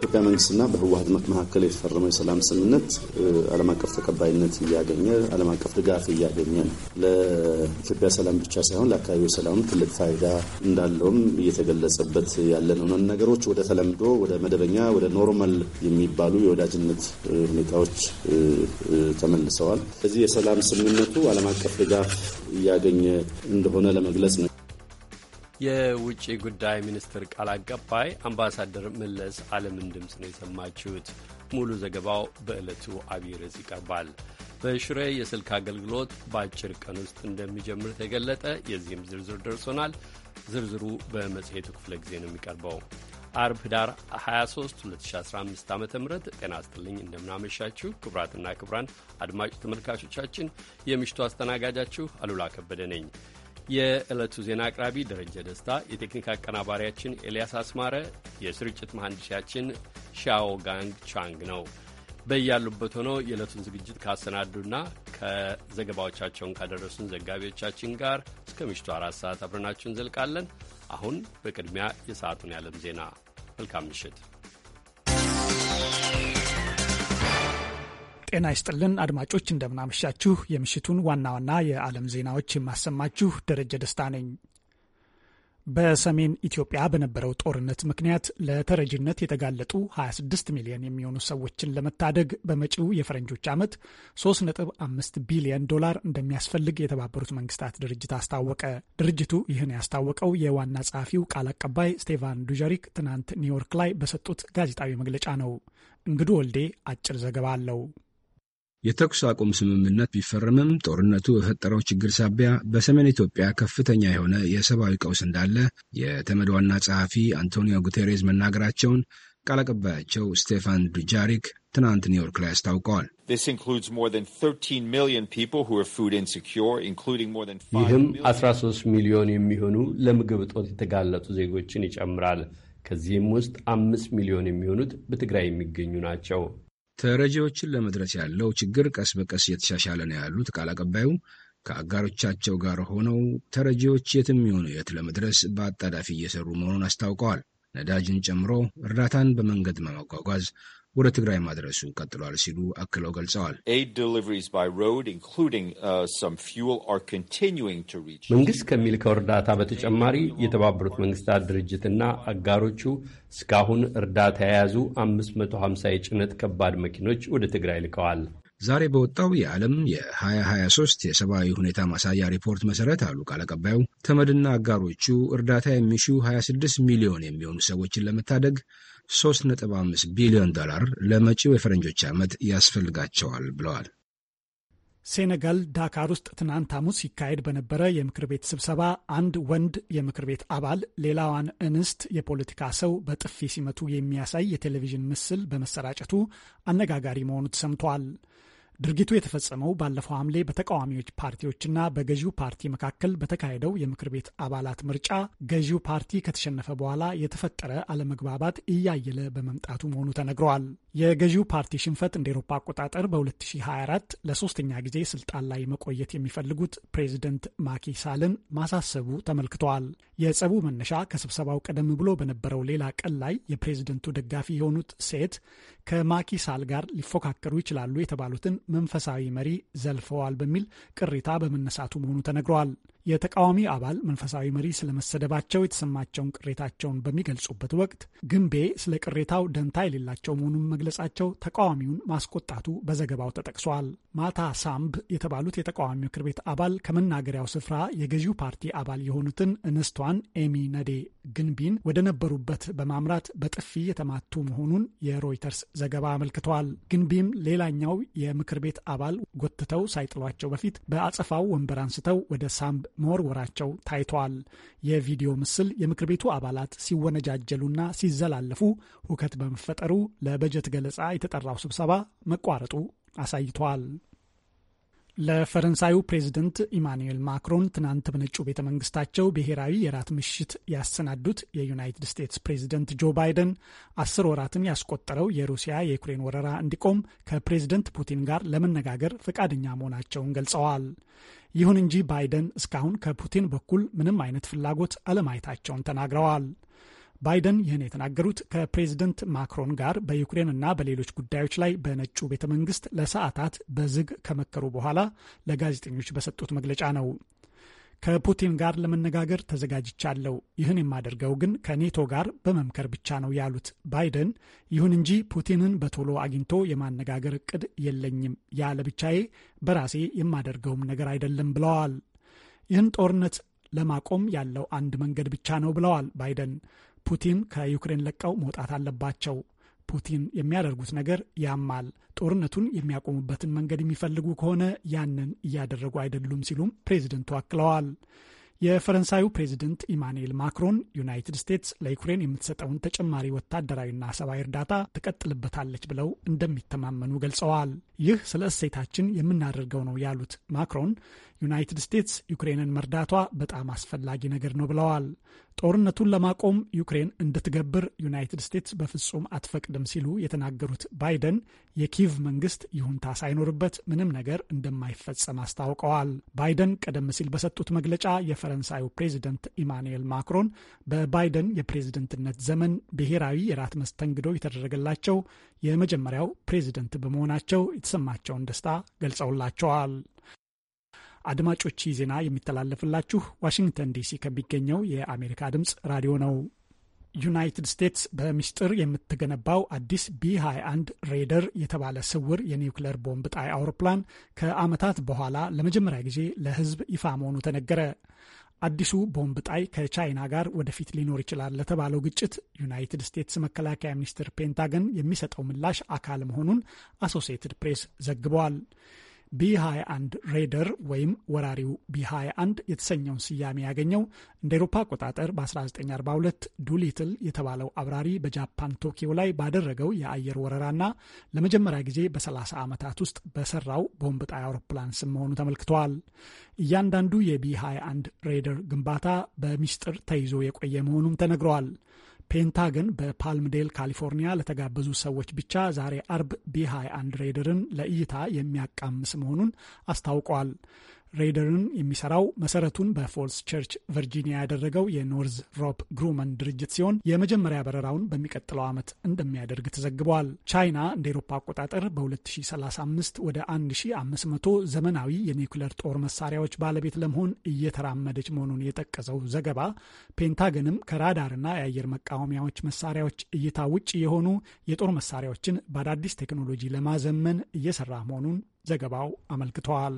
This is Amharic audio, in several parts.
ኢትዮጵያ መንግስትና በህወሀት መካከል የተፈረመው የሰላም ስምምነት ዓለም አቀፍ ተቀባይነት እያገኘ ዓለም አቀፍ ድጋፍ እያገኘ ነው። ለኢትዮጵያ ሰላም ብቻ ሳይሆን ለአካባቢው ሰላም ትልቅ ፋይዳ እንዳለውም እየተገለጸበት ያለ ነው። ነገሮች ወደ ተለምዶ ወደ መደበኛ ወደ ኖርማል የሚባሉ የወዳጅነት ሁኔታዎች ተመልሰዋል። እዚህ የሰላም ስምምነቱ ዓለም አቀፍ ድጋፍ እያገኘ እንደሆነ ለመግለጽ ነው። የውጭ ጉዳይ ሚኒስትር ቃል አቀባይ አምባሳደር መለስ አለምን ድምፅ ነው የሰማችሁት። ሙሉ ዘገባው በዕለቱ አብይ ርዕስ ይቀርባል። በሽሬ የስልክ አገልግሎት በአጭር ቀን ውስጥ እንደሚጀምር ተገለጠ። የዚህም ዝርዝር ደርሶናል። ዝርዝሩ በመጽሔቱ ክፍለ ጊዜ ነው የሚቀርበው። አርብ ህዳር 23 2015 ዓ ም ጤና ስጥልኝ እንደምናመሻችሁ ክቡራትና ክቡራን አድማጭ ተመልካቾቻችን፣ የምሽቱ አስተናጋጃችሁ አሉላ ከበደ ነኝ። የዕለቱ ዜና አቅራቢ ደረጀ ደስታ፣ የቴክኒክ አቀናባሪያችን ኤልያስ አስማረ፣ የስርጭት መሐንዲሻችን ሻዎ ጋንግ ቻንግ ነው። በያሉበት ሆነው የዕለቱን ዝግጅት ካሰናዱና ከዘገባዎቻቸውን ካደረሱን ዘጋቢዎቻችን ጋር እስከ ምሽቱ አራት ሰዓት አብረናችሁ እንዘልቃለን። አሁን በቅድሚያ የሰዓቱን የዓለም ዜና። መልካም ምሽት። ጤና ይስጥልን አድማጮች፣ እንደምናመሻችሁ። የምሽቱን ዋና ዋና የዓለም ዜናዎች የማሰማችሁ ደረጀ ደስታ ነኝ። በሰሜን ኢትዮጵያ በነበረው ጦርነት ምክንያት ለተረጅነት የተጋለጡ 26 ሚሊዮን የሚሆኑ ሰዎችን ለመታደግ በመጪው የፈረንጆች ዓመት 3.5 ቢሊዮን ዶላር እንደሚያስፈልግ የተባበሩት መንግስታት ድርጅት አስታወቀ። ድርጅቱ ይህን ያስታወቀው የዋና ጸሐፊው ቃል አቀባይ ስቴቫን ዱጀሪክ ትናንት ኒውዮርክ ላይ በሰጡት ጋዜጣዊ መግለጫ ነው። እንግዱ ወልዴ አጭር ዘገባ አለው። የተኩስ አቁም ስምምነት ቢፈረምም ጦርነቱ በፈጠረው ችግር ሳቢያ በሰሜን ኢትዮጵያ ከፍተኛ የሆነ የሰብአዊ ቀውስ እንዳለ የተመድ ዋና ጸሐፊ አንቶኒዮ ጉቴሬዝ መናገራቸውን ቃል አቀባያቸው ስቴፋን ዱጃሪክ ትናንት ኒውዮርክ ላይ አስታውቀዋል። ይህም 13 ሚሊዮን የሚሆኑ ለምግብ እጦት የተጋለጡ ዜጎችን ይጨምራል። ከዚህም ውስጥ አምስት ሚሊዮን የሚሆኑት በትግራይ የሚገኙ ናቸው። ተረጂዎችን ለመድረስ ያለው ችግር ቀስ በቀስ እየተሻሻለ ነው ያሉት ቃል አቀባዩ ከአጋሮቻቸው ጋር ሆነው ተረጂዎች የትም የሆኑ የት ለመድረስ በአጣዳፊ እየሰሩ መሆኑን አስታውቀዋል። ነዳጅን ጨምሮ እርዳታን በመንገድ በማጓጓዝ ወደ ትግራይ ማድረሱ ቀጥሏል ሲሉ አክለው ገልጸዋል። uh, መንግስት ከሚልከው እርዳታ በተጨማሪ የተባበሩት መንግስታት ድርጅትና አጋሮቹ እስካሁን እርዳታ የያዙ 550 የጭነት ከባድ መኪኖች ወደ ትግራይ ልከዋል። ዛሬ በወጣው የዓለም የ2023 የሰብአዊ ሁኔታ ማሳያ ሪፖርት መሰረት አሉ ቃል አቀባዩ፣ ተመድና አጋሮቹ እርዳታ የሚሹ 26 ሚሊዮን የሚሆኑ ሰዎችን ለመታደግ 3.5 ቢሊዮን ዶላር ለመጪው የፈረንጆች ዓመት ያስፈልጋቸዋል ብለዋል። ሴኔጋል ዳካር ውስጥ ትናንት ሐሙስ ሲካሄድ በነበረ የምክር ቤት ስብሰባ አንድ ወንድ የምክር ቤት አባል ሌላዋን እንስት የፖለቲካ ሰው በጥፊ ሲመቱ የሚያሳይ የቴሌቪዥን ምስል በመሰራጨቱ አነጋጋሪ መሆኑ ተሰምቷል። ድርጊቱ የተፈጸመው ባለፈው ሐምሌ በተቃዋሚዎች ፓርቲዎችና በገዢው ፓርቲ መካከል በተካሄደው የምክር ቤት አባላት ምርጫ ገዢው ፓርቲ ከተሸነፈ በኋላ የተፈጠረ አለመግባባት እያየለ በመምጣቱ መሆኑ ተነግረዋል። የገዢው ፓርቲ ሽንፈት እንደ ኤሮፓ አቆጣጠር በ2024 ለሶስተኛ ጊዜ ስልጣን ላይ መቆየት የሚፈልጉት ፕሬዚደንት ማኪ ሳልን ማሳሰቡ ተመልክተዋል። የጸቡ መነሻ ከስብሰባው ቀደም ብሎ በነበረው ሌላ ቀን ላይ የፕሬዝደንቱ ደጋፊ የሆኑት ሴት ከማኪ ሳል ጋር ሊፎካከሩ ይችላሉ የተባሉትን መንፈሳዊ መሪ ዘልፈዋል በሚል ቅሬታ በመነሳቱ መሆኑ ተነግረዋል። የተቃዋሚ አባል መንፈሳዊ መሪ ስለመሰደባቸው የተሰማቸውን ቅሬታቸውን በሚገልጹበት ወቅት ግንቤ ስለ ቅሬታው ደንታ የሌላቸው መሆኑን መግለጻቸው ተቃዋሚውን ማስቆጣቱ በዘገባው ተጠቅሷል። ማታ ሳምብ የተባሉት የተቃዋሚ ምክር ቤት አባል ከመናገሪያው ስፍራ የገዢው ፓርቲ አባል የሆኑትን እንስቷን ኤሚ ነዴ ግንቢን ወደ ነበሩበት በማምራት በጥፊ የተማቱ መሆኑን የሮይተርስ ዘገባ አመልክተዋል። ግንቢም ሌላኛው የምክር ቤት አባል ጎትተው ሳይጥሏቸው በፊት በአጸፋው ወንበር አንስተው ወደ ሳምብ መወርወራቸው ታይተዋል። የቪዲዮ ምስል የምክር ቤቱ አባላት ሲወነጃጀሉና ሲዘላለፉ ሁከት በመፈጠሩ ለበጀት ገለጻ የተጠራው ስብሰባ መቋረጡ አሳይተዋል። ለፈረንሳዩ ፕሬዝደንት ኢማኑኤል ማክሮን ትናንት በነጩ ቤተ መንግስታቸው ብሔራዊ የራት ምሽት ያሰናዱት የዩናይትድ ስቴትስ ፕሬዝደንት ጆ ባይደን አስር ወራትን ያስቆጠረው የሩሲያ የዩክሬን ወረራ እንዲቆም ከፕሬዝደንት ፑቲን ጋር ለመነጋገር ፈቃደኛ መሆናቸውን ገልጸዋል። ይሁን እንጂ ባይደን እስካሁን ከፑቲን በኩል ምንም አይነት ፍላጎት አለማየታቸውን ተናግረዋል። ባይደን ይህን የተናገሩት ከፕሬዝደንት ማክሮን ጋር በዩክሬን እና በሌሎች ጉዳዮች ላይ በነጩ ቤተ መንግስት ለሰዓታት በዝግ ከመከሩ በኋላ ለጋዜጠኞች በሰጡት መግለጫ ነው። ከፑቲን ጋር ለመነጋገር ተዘጋጅቻለሁ። ይህን የማደርገው ግን ከኔቶ ጋር በመምከር ብቻ ነው ያሉት ባይደን፣ ይሁን እንጂ ፑቲንን በቶሎ አግኝቶ የማነጋገር እቅድ የለኝም፣ ያለ ብቻዬ በራሴ የማደርገውም ነገር አይደለም ብለዋል። ይህን ጦርነት ለማቆም ያለው አንድ መንገድ ብቻ ነው ብለዋል ባይደን። ፑቲን ከዩክሬን ለቀው መውጣት አለባቸው። ፑቲን የሚያደርጉት ነገር ያማል። ጦርነቱን የሚያቆሙበትን መንገድ የሚፈልጉ ከሆነ ያንን እያደረጉ አይደሉም ሲሉም ፕሬዝደንቱ አክለዋል። የፈረንሳዩ ፕሬዝደንት ኢማኑኤል ማክሮን ዩናይትድ ስቴትስ ለዩክሬን የምትሰጠውን ተጨማሪ ወታደራዊና ሰብአዊ እርዳታ ትቀጥልበታለች ብለው እንደሚተማመኑ ገልጸዋል። ይህ ስለ እሴታችን የምናደርገው ነው ያሉት ማክሮን ዩናይትድ ስቴትስ ዩክሬንን መርዳቷ በጣም አስፈላጊ ነገር ነው ብለዋል። ጦርነቱን ለማቆም ዩክሬን እንድትገብር ዩናይትድ ስቴትስ በፍጹም አትፈቅድም ሲሉ የተናገሩት ባይደን የኪቭ መንግስት ይሁንታ ሳይኖርበት ምንም ነገር እንደማይፈጸም አስታውቀዋል። ባይደን ቀደም ሲል በሰጡት መግለጫ የፈረንሳዩ ፕሬዚደንት ኢማኑኤል ማክሮን በባይደን የፕሬዝደንትነት ዘመን ብሔራዊ የራት መስተንግዶ የተደረገላቸው የመጀመሪያው ፕሬዚደንት በመሆናቸው የተሰማቸውን ደስታ ገልጸውላቸዋል። አድማጮች ዜና የሚተላለፍላችሁ ዋሽንግተን ዲሲ ከሚገኘው የአሜሪካ ድምፅ ራዲዮ ነው። ዩናይትድ ስቴትስ በምስጢር የምትገነባው አዲስ ቢ21 ሬደር የተባለ ስውር የኒውክሌር ቦምብ ጣይ አውሮፕላን ከዓመታት በኋላ ለመጀመሪያ ጊዜ ለሕዝብ ይፋ መሆኑ ተነገረ። አዲሱ ቦምብ ጣይ ከቻይና ጋር ወደፊት ሊኖር ይችላል ለተባለው ግጭት ዩናይትድ ስቴትስ መከላከያ ሚኒስቴር ፔንታገን የሚሰጠው ምላሽ አካል መሆኑን አሶሲየትድ ፕሬስ ዘግበዋል። ቢ21 ሬደር ወይም ወራሪው ቢ21 የተሰኘውን ስያሜ ያገኘው እንደ ኤሮፓ አቆጣጠር በ1942 ዱሊትል የተባለው አብራሪ በጃፓን ቶኪዮ ላይ ባደረገው የአየር ወረራና ለመጀመሪያ ጊዜ በ30 ዓመታት ውስጥ በሰራው ቦምብ ጣይ አውሮፕላን ስም መሆኑ ተመልክተዋል። እያንዳንዱ የቢ21 ሬደር ግንባታ በሚስጥር ተይዞ የቆየ መሆኑም ተነግረዋል። ፔንታገን በፓልምዴል ካሊፎርኒያ ለተጋበዙ ሰዎች ብቻ ዛሬ አርብ ቢ21 ሬደርን ለእይታ የሚያቃምስ መሆኑን አስታውቋል። ሬደርን የሚሰራው መሰረቱን በፎልስ ቸርች ቨርጂኒያ ያደረገው የኖርዝ ሮፕ ግሩመን ድርጅት ሲሆን የመጀመሪያ በረራውን በሚቀጥለው ዓመት እንደሚያደርግ ተዘግቧል። ቻይና እንደ ኤሮፓ አቆጣጠር በ2035 ወደ 1500 ዘመናዊ የኒውክለር ጦር መሳሪያዎች ባለቤት ለመሆን እየተራመደች መሆኑን የጠቀሰው ዘገባ ፔንታገንም ከራዳርና የአየር መቃወሚያዎች መሳሪያዎች እይታ ውጭ የሆኑ የጦር መሳሪያዎችን በአዳዲስ ቴክኖሎጂ ለማዘመን እየሰራ መሆኑን ዘገባው አመልክተዋል።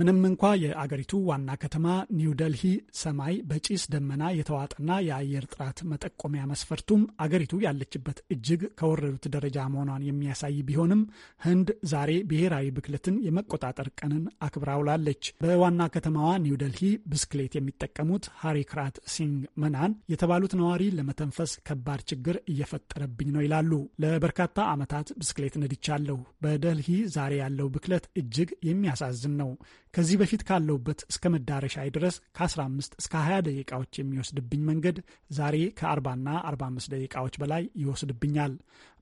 ምንም እንኳ የአገሪቱ ዋና ከተማ ኒው ደልሂ ሰማይ በጭስ ደመና የተዋጠና የአየር ጥራት መጠቆሚያ መስፈርቱም አገሪቱ ያለችበት እጅግ ከወረዱት ደረጃ መሆኗን የሚያሳይ ቢሆንም ህንድ ዛሬ ብሔራዊ ብክለትን የመቆጣጠር ቀንን አክብራ ውላለች። በዋና ከተማዋ ኒው ደልሂ ብስክሌት የሚጠቀሙት ሃሪክራት ሲንግ መናን የተባሉት ነዋሪ ለመተንፈስ ከባድ ችግር እየፈጠረብኝ ነው ይላሉ። ለበርካታ ዓመታት ብስክሌት ነድቻለሁ። በደልሂ ዛሬ ያለው ብክለት እጅግ የሚያሳዝን ነው። ከዚህ በፊት ካለውበት እስከ መዳረሻ ድረስ ከ15 እስከ 20 ደቂቃዎች የሚወስድብኝ መንገድ ዛሬ ከ40ና 45 ደቂቃዎች በላይ ይወስድብኛል።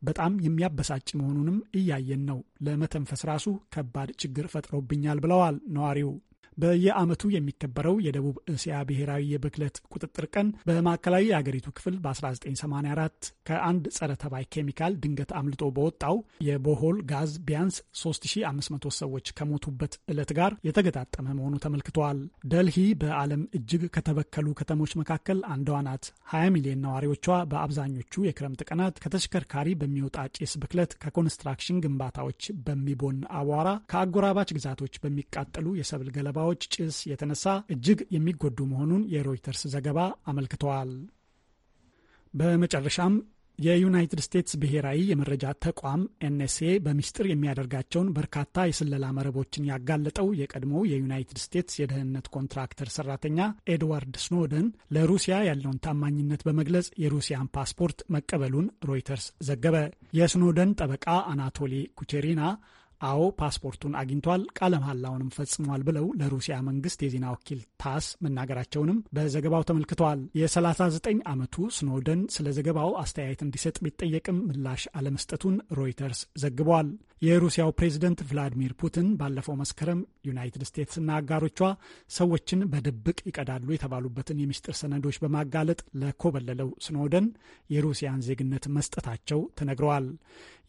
በጣም የሚያበሳጭ መሆኑንም እያየን ነው። ለመተንፈስ ራሱ ከባድ ችግር ፈጥሮብኛል ብለዋል ነዋሪው። በየዓመቱ የሚከበረው የደቡብ እስያ ብሔራዊ የብክለት ቁጥጥር ቀን በማዕከላዊ የአገሪቱ ክፍል በ1984 ከአንድ ጸረ ተባይ ኬሚካል ድንገት አምልጦ በወጣው የቦሆል ጋዝ ቢያንስ 3500 ሰዎች ከሞቱበት ዕለት ጋር የተገጣጠመ መሆኑ ተመልክተዋል። ደልሂ በዓለም እጅግ ከተበከሉ ከተሞች መካከል አንዷ ናት። 20 ሚሊዮን ነዋሪዎቿ በአብዛኞቹ የክረምት ቀናት ከተሽከርካሪ በሚወጣ ጭስ ብክለት፣ ከኮንስትራክሽን ግንባታዎች በሚቦን አቧራ፣ ከአጎራባች ግዛቶች በሚቃጠሉ የሰብል ገለባ ከአበባዎች ጭስ የተነሳ እጅግ የሚጎዱ መሆኑን የሮይተርስ ዘገባ አመልክተዋል። በመጨረሻም የዩናይትድ ስቴትስ ብሔራዊ የመረጃ ተቋም ኤንኤስኤ በሚስጥር የሚያደርጋቸውን በርካታ የስለላ መረቦችን ያጋለጠው የቀድሞ የዩናይትድ ስቴትስ የደህንነት ኮንትራክተር ሰራተኛ ኤድዋርድ ስኖደን ለሩሲያ ያለውን ታማኝነት በመግለጽ የሩሲያን ፓስፖርት መቀበሉን ሮይተርስ ዘገበ። የስኖደን ጠበቃ አናቶሊ ኩቼሪና አዎ ፓስፖርቱን አግኝቷል፣ ቃለ መሐላውንም ፈጽሟል ብለው ለሩሲያ መንግስት የዜና ወኪል ታስ መናገራቸውንም በዘገባው ተመልክተዋል። የ39 ዓመቱ ስኖደን ስለ ዘገባው አስተያየት እንዲሰጥ ቢጠየቅም ምላሽ አለመስጠቱን ሮይተርስ ዘግቧል። የሩሲያው ፕሬዝደንት ቭላዲሚር ፑቲን ባለፈው መስከረም ዩናይትድ ስቴትስና አጋሮቿ ሰዎችን በድብቅ ይቀዳሉ የተባሉበትን የምስጢር ሰነዶች በማጋለጥ ለኮበለለው ስኖደን የሩሲያን ዜግነት መስጠታቸው ተነግረዋል።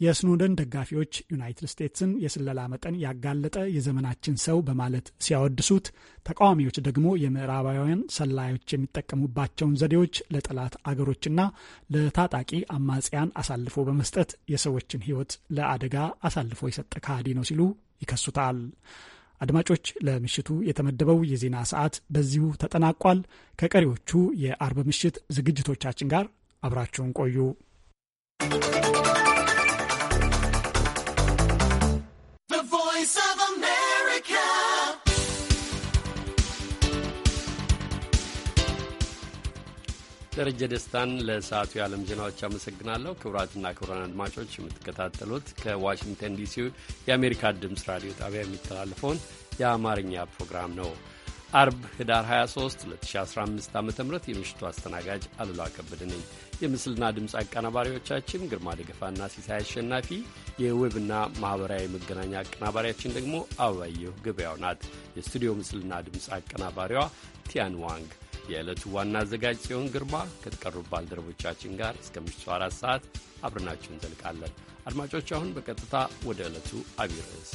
የስኖደን ደጋፊዎች ዩናይትድ ስቴትስን የስለላ መጠን ያጋለጠ የዘመናችን ሰው በማለት ሲያወድሱት፣ ተቃዋሚዎች ደግሞ የምዕራባውያን ሰላዮች የሚጠቀሙባቸውን ዘዴዎች ለጠላት አገሮችና ለታጣቂ አማጽያን አሳልፎ በመስጠት የሰዎችን ሕይወት ለአደጋ አሳልፎ የሰጠ ከሃዲ ነው ሲሉ ይከሱታል። አድማጮች፣ ለምሽቱ የተመደበው የዜና ሰዓት በዚሁ ተጠናቋል። ከቀሪዎቹ የአርብ ምሽት ዝግጅቶቻችን ጋር አብራችሁን ቆዩ። ደረጀ ደስታን ለሰዓቱ የዓለም ዜናዎች አመሰግናለሁ። ክቡራትና ክቡራን አድማጮች የምትከታተሉት ከዋሽንግተን ዲሲ የአሜሪካ ድምፅ ራዲዮ ጣቢያ የሚተላለፈውን የአማርኛ ፕሮግራም ነው። አርብ ህዳር 23 2015 ዓ ም የምሽቱ አስተናጋጅ አሉላ ከበደ ነኝ። የምስልና ድምፅ አቀናባሪዎቻችን ግርማ ደገፋና ሲሳይ አሸናፊ፣ የዌብና ማኅበራዊ መገናኛ አቀናባሪያችን ደግሞ አበባየሁ ገበያው ናት። የስቱዲዮ ምስልና ድምፅ አቀናባሪዋ ቲያን ዋንግ የዕለቱ ዋና አዘጋጅ ጽዮን ግርማ ከተቀሩ ባልደረቦቻችን ጋር እስከ ምሽቱ አራት ሰዓት አብረናችሁ እንዘልቃለን። አድማጮች፣ አሁን በቀጥታ ወደ ዕለቱ አብይ ርዕስ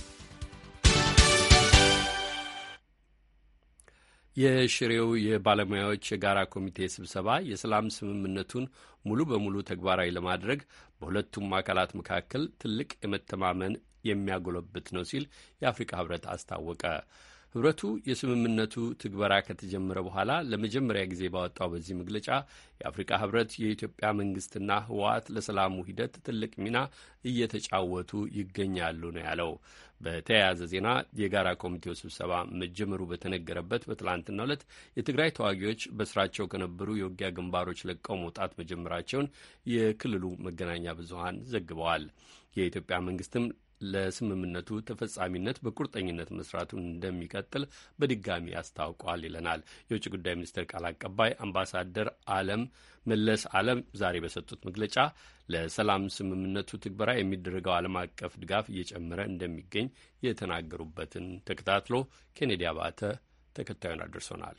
የሽሬው የባለሙያዎች የጋራ ኮሚቴ ስብሰባ የሰላም ስምምነቱን ሙሉ በሙሉ ተግባራዊ ለማድረግ በሁለቱም አካላት መካከል ትልቅ የመተማመን የሚያጎለብት ነው ሲል የአፍሪካ ህብረት አስታወቀ። ህብረቱ የስምምነቱ ትግበራ ከተጀመረ በኋላ ለመጀመሪያ ጊዜ ባወጣው በዚህ መግለጫ የአፍሪካ ህብረት የኢትዮጵያ መንግስትና ህወሓት ለሰላሙ ሂደት ትልቅ ሚና እየተጫወቱ ይገኛሉ ነው ያለው። በተያያዘ ዜና የጋራ ኮሚቴው ስብሰባ መጀመሩ በተነገረበት በትላንትና ዕለት የትግራይ ተዋጊዎች በስራቸው ከነበሩ የውጊያ ግንባሮች ለቀው መውጣት መጀመራቸውን የክልሉ መገናኛ ብዙሀን ዘግበዋል። የኢትዮጵያ መንግስትም ለስምምነቱ ተፈጻሚነት በቁርጠኝነት መስራቱን እንደሚቀጥል በድጋሚ አስታውቋል ይለናል የውጭ ጉዳይ ሚኒስቴር ቃል አቀባይ አምባሳደር አለም መለስ አለም ዛሬ በሰጡት መግለጫ ለሰላም ስምምነቱ ትግበራ የሚደረገው ዓለም አቀፍ ድጋፍ እየጨመረ እንደሚገኝ የተናገሩበትን ተከታትሎ ኬኔዲ አባተ ተከታዩን አድርሶናል።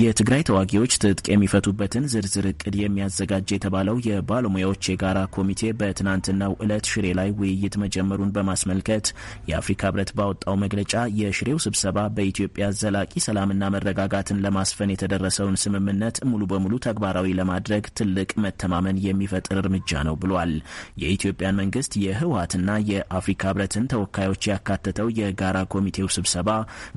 የትግራይ ተዋጊዎች ትጥቅ የሚፈቱበትን ዝርዝር እቅድ የሚያዘጋጅ የተባለው የባለሙያዎች የጋራ ኮሚቴ በትናንትናው ዕለት ሽሬ ላይ ውይይት መጀመሩን በማስመልከት የአፍሪካ ህብረት ባወጣው መግለጫ የሽሬው ስብሰባ በኢትዮጵያ ዘላቂ ሰላምና መረጋጋትን ለማስፈን የተደረሰውን ስምምነት ሙሉ በሙሉ ተግባራዊ ለማድረግ ትልቅ መተማመን የሚፈጥር እርምጃ ነው ብሏል። የኢትዮጵያን መንግስት የህወሀትና የአፍሪካ ህብረትን ተወካዮች ያካተተው የጋራ ኮሚቴው ስብሰባ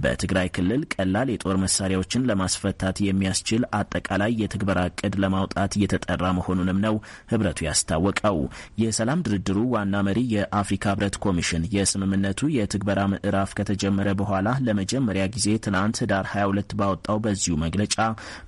በትግራይ ክልል ቀላል የጦር መሳሪያዎችን ለማስፈት ለመፍታት የሚያስችል አጠቃላይ የትግበራ እቅድ ለማውጣት እየተጠራ መሆኑንም ነው ህብረቱ ያስታወቀው። የሰላም ድርድሩ ዋና መሪ የአፍሪካ ህብረት ኮሚሽን የስምምነቱ የትግበራ ምዕራፍ ከተጀመረ በኋላ ለመጀመሪያ ጊዜ ትናንት ህዳር 22 ባወጣው በዚሁ መግለጫ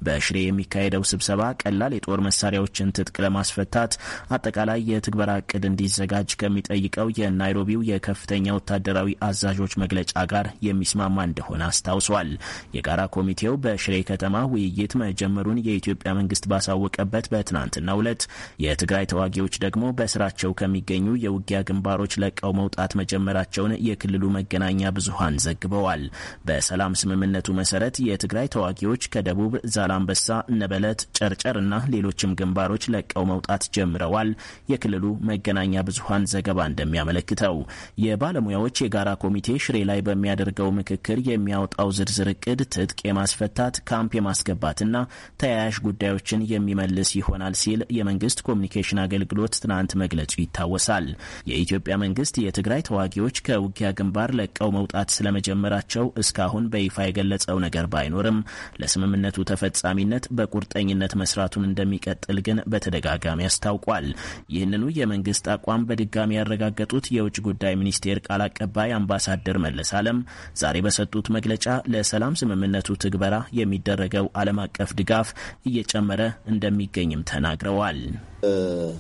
በሽሬ የሚካሄደው ስብሰባ ቀላል የጦር መሳሪያዎችን ትጥቅ ለማስፈታት አጠቃላይ የትግበራ እቅድ እንዲዘጋጅ ከሚጠይቀው የናይሮቢው የከፍተኛ ወታደራዊ አዛዦች መግለጫ ጋር የሚስማማ እንደሆነ አስታውሷል። የጋራ ኮሚቴው በሽሬ ከተማ ከተማ ውይይት መጀመሩን የኢትዮጵያ መንግስት ባሳወቀበት በትናንትናው ዕለት የትግራይ ተዋጊዎች ደግሞ በስራቸው ከሚገኙ የውጊያ ግንባሮች ለቀው መውጣት መጀመራቸውን የክልሉ መገናኛ ብዙሃን ዘግበዋል። በሰላም ስምምነቱ መሰረት የትግራይ ተዋጊዎች ከደቡብ ዛላምበሳ፣ ነበለት፣ ጨርጨር እና ሌሎችም ግንባሮች ለቀው መውጣት ጀምረዋል። የክልሉ መገናኛ ብዙሃን ዘገባ እንደሚያመለክተው የባለሙያዎች የጋራ ኮሚቴ ሽሬ ላይ በሚያደርገው ምክክር የሚያወጣው ዝርዝር እቅድ ትጥቅ የማስፈታት ካምፕ የማስገባትና ተያያዥ ጉዳዮችን የሚመልስ ይሆናል ሲል የመንግስት ኮሚኒኬሽን አገልግሎት ትናንት መግለጹ ይታወሳል። የኢትዮጵያ መንግስት የትግራይ ተዋጊዎች ከውጊያ ግንባር ለቀው መውጣት ስለመጀመራቸው እስካሁን በይፋ የገለጸው ነገር ባይኖርም ለስምምነቱ ተፈጻሚነት በቁርጠኝነት መስራቱን እንደሚቀጥል ግን በተደጋጋሚ አስታውቋል። ይህንኑ የመንግስት አቋም በድጋሚ ያረጋገጡት የውጭ ጉዳይ ሚኒስቴር ቃል አቀባይ አምባሳደር መለስ አለም ዛሬ በሰጡት መግለጫ ለሰላም ስምምነቱ ትግበራ የሚደረግ የሚደረገው ዓለም አቀፍ ድጋፍ እየጨመረ እንደሚገኝም ተናግረዋል።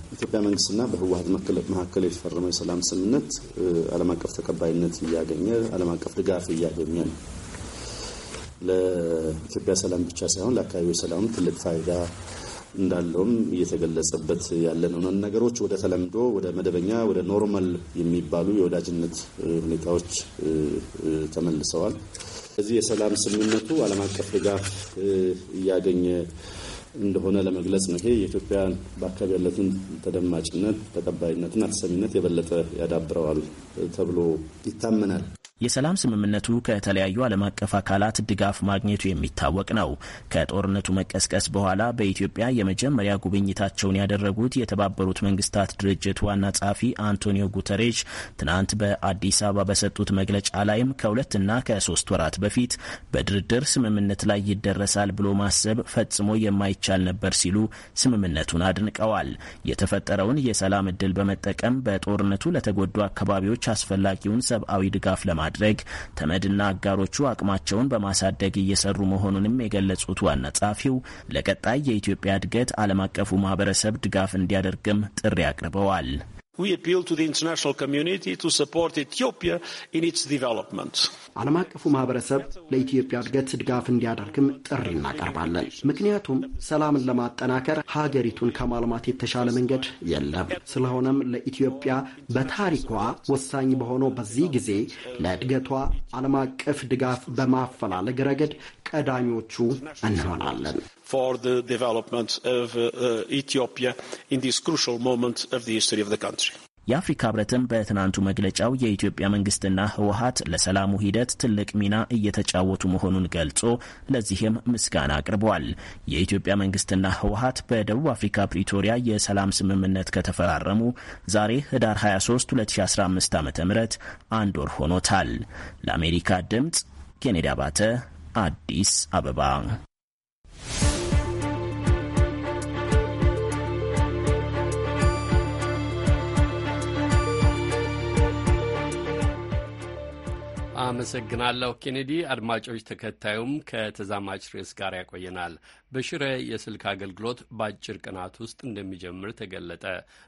በኢትዮጵያ መንግስትና በህወሀት መካከል የተፈረመው የሰላም ስምምነት ዓለም አቀፍ ተቀባይነት እያገኘ ዓለም አቀፍ ድጋፍ እያገኘ ነው። ለኢትዮጵያ ሰላም ብቻ ሳይሆን ለአካባቢው ሰላም ትልቅ ፋይዳ እንዳለውም እየተገለጸበት ያለን ሆነን ነገሮች ወደ ተለምዶ ወደ መደበኛ ወደ ኖርማል የሚባሉ የወዳጅነት ሁኔታዎች ተመልሰዋል። እዚህ የሰላም ስምምነቱ ዓለም አቀፍ ድጋፍ እያገኘ እንደሆነ ለመግለጽ ነው። ይሄ የኢትዮጵያን በአካባቢ ያለትን ተደማጭነት፣ ተቀባይነትና ተሰሚነት የበለጠ ያዳብረዋል ተብሎ ይታመናል። የሰላም ስምምነቱ ከተለያዩ ዓለም አቀፍ አካላት ድጋፍ ማግኘቱ የሚታወቅ ነው። ከጦርነቱ መቀስቀስ በኋላ በኢትዮጵያ የመጀመሪያ ጉብኝታቸውን ያደረጉት የተባበሩት መንግስታት ድርጅት ዋና ጸሐፊ አንቶኒዮ ጉተሬሽ ትናንት በአዲስ አበባ በሰጡት መግለጫ ላይም ከሁለትና ከሶስት ወራት በፊት በድርድር ስምምነት ላይ ይደረሳል ብሎ ማሰብ ፈጽሞ የማይቻል ነበር ሲሉ ስምምነቱን አድንቀዋል። የተፈጠረውን የሰላም እድል በመጠቀም በጦርነቱ ለተጎዱ አካባቢዎች አስፈላጊውን ሰብአዊ ድጋፍ ለማ በማድረግ ተመድና አጋሮቹ አቅማቸውን በማሳደግ እየሰሩ መሆኑንም የገለጹት ዋና ጸሐፊው ለቀጣይ የኢትዮጵያ እድገት ዓለም አቀፉ ማህበረሰብ ድጋፍ እንዲያደርግም ጥሪ አቅርበዋል። ዓለም አቀፉ ማህበረሰብ ለኢትዮጵያ እድገት ድጋፍ እንዲያደርግም ጥሪ እናቀርባለን። ምክንያቱም ሰላምን ለማጠናከር ሀገሪቱን ከማልማት የተሻለ መንገድ የለም። ስለሆነም ለኢትዮጵያ በታሪኳ ወሳኝ በሆነው በዚህ ጊዜ ለእድገቷ ዓለም አቀፍ ድጋፍ በማፈላለግ ረገድ ቀዳሚዎቹ እንሆናለን። for the development of uh, Ethiopia in this crucial moment of the history of the country. የአፍሪካ ህብረትም በትናንቱ መግለጫው የኢትዮጵያ መንግስትና ህወሀት ለሰላሙ ሂደት ትልቅ ሚና እየተጫወቱ መሆኑን ገልጾ ለዚህም ምስጋና አቅርበዋል። የኢትዮጵያ መንግስትና ህወሀት በደቡብ አፍሪካ ፕሪቶሪያ የሰላም ስምምነት ከተፈራረሙ ዛሬ ህዳር 23 2015 ዓ ም አንድ ወር ሆኖታል። ለአሜሪካ ድምፅ ኬኔዲ አባተ አዲስ አበባ አመሰግናለሁ ኬኔዲ። አድማጮች ተከታዩም ከተዛማች ርዕስ ጋር ያቆየናል። በሽረ የስልክ አገልግሎት በአጭር ቀናት ውስጥ እንደሚጀምር ተገለጠ።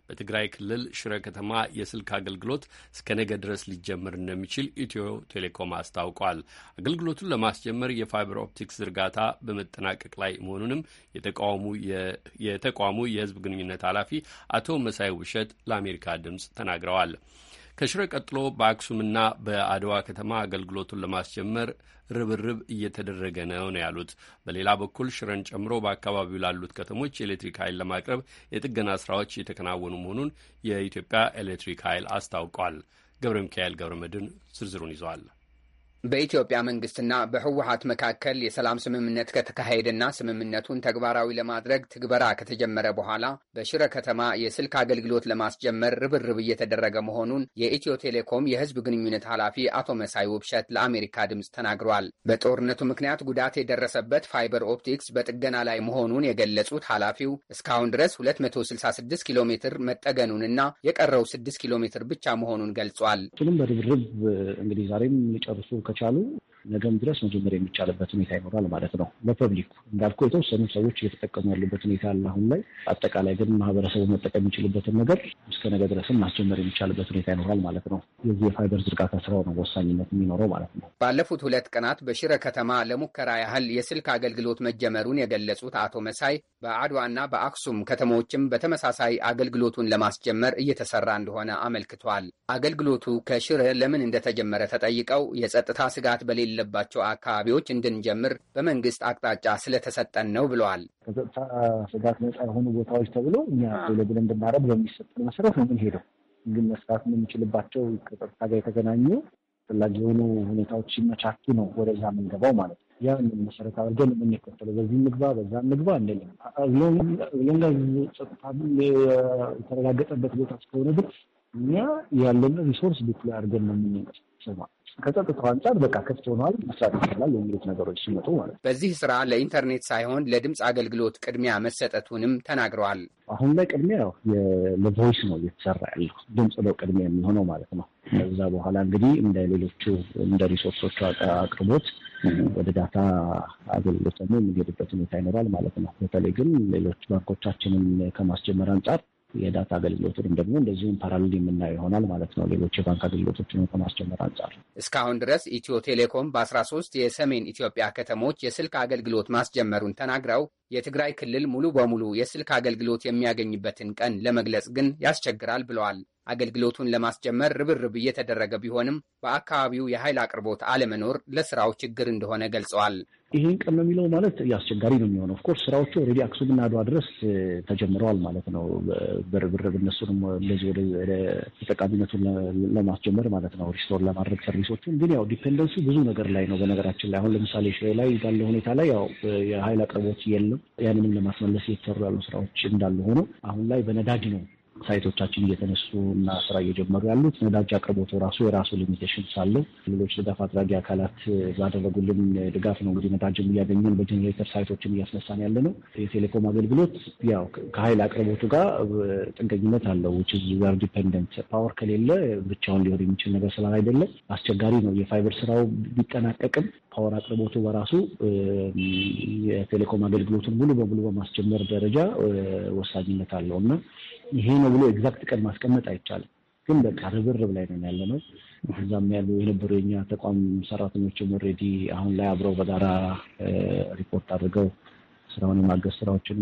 በትግራይ ክልል ሽረ ከተማ የስልክ አገልግሎት እስከ ነገ ድረስ ሊጀምር እንደሚችል ኢትዮ ቴሌኮም አስታውቋል። አገልግሎቱን ለማስጀመር የፋይበር ኦፕቲክስ ዝርጋታ በመጠናቀቅ ላይ መሆኑንም የተቋሙ የህዝብ ግንኙነት ኃላፊ አቶ መሳይ ውሸት ለአሜሪካ ድምፅ ተናግረዋል። ከሽረ ቀጥሎ በአክሱምና በአድዋ ከተማ አገልግሎቱን ለማስጀመር ርብርብ እየተደረገ ነው ነው ያሉት። በሌላ በኩል ሽረን ጨምሮ በአካባቢው ላሉት ከተሞች የኤሌክትሪክ ኃይል ለማቅረብ የጥገና ስራዎች እየተከናወኑ መሆኑን የኢትዮጵያ ኤሌክትሪክ ኃይል አስታውቋል። ገብረ ሚካኤል ገብረ መድን ዝርዝሩን ይዘዋል። በኢትዮጵያ መንግስትና በህወሀት መካከል የሰላም ስምምነት ከተካሄደና ስምምነቱን ተግባራዊ ለማድረግ ትግበራ ከተጀመረ በኋላ በሽረ ከተማ የስልክ አገልግሎት ለማስጀመር ርብርብ እየተደረገ መሆኑን የኢትዮ ቴሌኮም የህዝብ ግንኙነት ኃላፊ አቶ መሳይ ውብሸት ለአሜሪካ ድምፅ ተናግረዋል። በጦርነቱ ምክንያት ጉዳት የደረሰበት ፋይበር ኦፕቲክስ በጥገና ላይ መሆኑን የገለጹት ኃላፊው እስካሁን ድረስ 266 ኪሎ ሜትር መጠገኑንና የቀረው 6 ኪሎ ሜትር ብቻ መሆኑን ገልጿል። በርብርብ እንግዲህ ዛሬም ከቻሉ ነገም ድረስ መጀመር የሚቻልበት ሁኔታ ይኖራል ማለት ነው። ለፐብሊኩ እንዳልኩ የተወሰኑ ሰዎች እየተጠቀሙ ያሉበት ሁኔታ አለ አሁን ላይ። አጠቃላይ ግን ማህበረሰቡ መጠቀም የሚችልበትን ነገር እስከ ነገ ድረስም ማስጀመር የሚቻልበት ሁኔታ ይኖራል ማለት ነው። የዚህ የፋይበር ዝርጋታ ስራው ነው ወሳኝነት የሚኖረው ማለት ነው። ባለፉት ሁለት ቀናት በሽረ ከተማ ለሙከራ ያህል የስልክ አገልግሎት መጀመሩን የገለጹት አቶ መሳይ በአድዋና በአክሱም ከተሞችም በተመሳሳይ አገልግሎቱን ለማስጀመር እየተሰራ እንደሆነ አመልክቷል። አገልግሎቱ ከሽረ ለምን እንደተጀመረ ተጠይቀው የጸጥታ ስጋት በሌለ በሌለባቸው አካባቢዎች እንድንጀምር በመንግስት አቅጣጫ ስለተሰጠን ነው ብለዋል። ከጸጥታ ስጋት ነጻ የሆኑ ቦታዎች ተብሎ እኛ ለብለን እንድናረግ በሚሰጠን መሰረት ነው የምንሄደው። ግን መስራት የምንችልባቸው ከጸጥታ ጋር የተገናኙ አስፈላጊ የሆኑ ሁኔታዎች ሲመቻቱ ነው ወደዛ የምንገባው ማለት ነው። ያንን መሰረት አድርገን የምንከተለው በዚህ ምግባ በዛ ምግባ እንደለም ብለን ጸጥታ የተረጋገጠበት ቦታ እስከሆነ ግን እኛ ያለን ሪሶርስ ዲፕሎይ አድርገን ነው የምንመስ ጭኗል። ከጸጥታው አንጻር በቃ ክፍት ሆኗል፣ መስራት ይቻላል የሚሉት ነገሮች ሲመጡ ማለት ነው። በዚህ ስራ ለኢንተርኔት ሳይሆን ለድምፅ አገልግሎት ቅድሚያ መሰጠቱንም ተናግረዋል። አሁን ላይ ቅድሚያ ለቮይስ ነው እየተሰራ ያለው፣ ድምፅ ነው ቅድሚያ የሚሆነው ማለት ነው። ከዛ በኋላ እንግዲህ እንደ ሌሎቹ እንደ ሪሶርሶቹ አቅርቦት ወደ ዳታ አገልግሎት ደግሞ የሚሄድበት ሁኔታ ይኖራል ማለት ነው። በተለይ ግን ሌሎች ባንኮቻችንን ከማስጀመር አንጻር የዳታ አገልግሎቱንም ደግሞ እንደዚሁም ፓራሌል የምናየው ይሆናል ማለት ነው። ሌሎች የባንክ አገልግሎቶችን ከማስጀመር አንጻር እስካሁን ድረስ ኢትዮ ቴሌኮም በአስራ ሶስት የሰሜን ኢትዮጵያ ከተሞች የስልክ አገልግሎት ማስጀመሩን ተናግረው የትግራይ ክልል ሙሉ በሙሉ የስልክ አገልግሎት የሚያገኝበትን ቀን ለመግለጽ ግን ያስቸግራል ብለዋል። አገልግሎቱን ለማስጀመር ርብርብ እየተደረገ ቢሆንም በአካባቢው የኃይል አቅርቦት አለመኖር ለስራው ችግር እንደሆነ ገልጸዋል። ይህን ቀን የሚለው ማለት አስቸጋሪ ነው የሚሆነው። ኦፍኮርስ ስራዎቹ ኦልሬዲ አክሱምና አድዋ ድረስ ተጀምረዋል ማለት ነው። በርብርብ እነሱንም እንደዚህ ወደ ተጠቃሚነቱን ለማስጀመር ማለት ነው፣ ሪስቶር ለማድረግ ሰርቪሶቹን። ግን ያው ዲፔንደንሱ ብዙ ነገር ላይ ነው። በነገራችን ላይ አሁን ለምሳሌ ሽሬ ላይ ባለ ሁኔታ ላይ ያው የኃይል አቅርቦት የለም። ያንንም ለማስመለስ እየተሰሩ ያሉ ስራዎች እንዳሉ ሆኖ አሁን ላይ በነዳጅ ነው ሳይቶቻችን እየተነሱ እና ስራ እየጀመሩ ያሉት ነዳጅ አቅርቦቱ ራሱ የራሱ ሊሚቴሽን ሳለው ሌሎች ድጋፍ አድራጊ አካላት ባደረጉልን ድጋፍ ነው እንግዲህ ነዳጅም እያገኘን በጀኔሬተር ሳይቶችን እያስነሳን ያለ ነው። የቴሌኮም አገልግሎት ያው ከሀይል አቅርቦቱ ጋር ጥገኝነት አለው። ዊች ዲፐንደንት ፓወር ከሌለ ብቻውን ሊሆን የሚችል ነገር አይደለም አስቸጋሪ ነው። የፋይበር ስራው ቢጠናቀቅም ፓወር አቅርቦቱ በራሱ የቴሌኮም አገልግሎቱን ሙሉ በሙሉ በማስጀመር ደረጃ ወሳኝነት አለው እና ይሄ ነው ብሎ ኤግዛክት ቀን ማስቀመጥ አይቻልም። ግን በቃ ርብርብ ላይ ነው ያለ ነው። እዛም ያሉ የነበሩ የኛ ተቋም ሰራተኞችም ኦልሬዲ አሁን ላይ አብረው በጋራ ሪፖርት አድርገው ስራውን የማገዝ ስራዎችን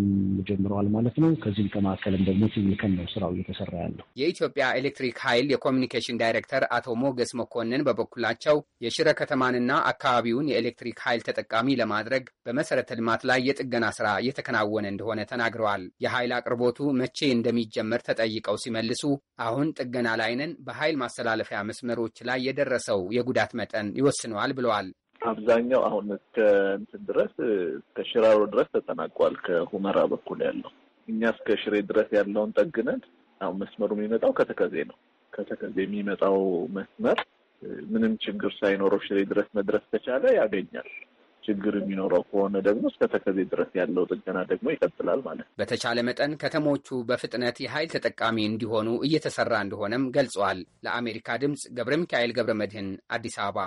ጀምረዋል ማለት ነው። ከዚህም ከመካከልም ደግሞ ልከን ነው ስራው እየተሰራ ያለው። የኢትዮጵያ ኤሌክትሪክ ኃይል የኮሚኒኬሽን ዳይሬክተር አቶ ሞገስ መኮንን በበኩላቸው የሽረ ከተማንና አካባቢውን የኤሌክትሪክ ኃይል ተጠቃሚ ለማድረግ በመሰረተ ልማት ላይ የጥገና ስራ እየተከናወነ እንደሆነ ተናግረዋል። የኃይል አቅርቦቱ መቼ እንደሚጀመር ተጠይቀው ሲመልሱ አሁን ጥገና ላይ ነን፣ በኃይል ማስተላለፊያ መስመሮች ላይ የደረሰው የጉዳት መጠን ይወስነዋል ብለዋል። አብዛኛው አሁን እስከ እንትን ድረስ ሽራሮ ድረስ ተጠናቋል። ከሁመራ በኩል ያለው እኛ እስከ ሽሬ ድረስ ያለውን ጠግነን አሁን መስመሩ የሚመጣው ከተከዜ ነው። ከተከዜ የሚመጣው መስመር ምንም ችግር ሳይኖረው ሽሬ ድረስ መድረስ ተቻለ ያገኛል። ችግር የሚኖረው ከሆነ ደግሞ እስከ ተከዜ ድረስ ያለው ጥገና ደግሞ ይቀጥላል ማለት ነው። በተቻለ መጠን ከተሞቹ በፍጥነት የኃይል ተጠቃሚ እንዲሆኑ እየተሰራ እንደሆነም ገልጸዋል። ለአሜሪካ ድምፅ ገብረ ሚካኤል ገብረ መድህን አዲስ አበባ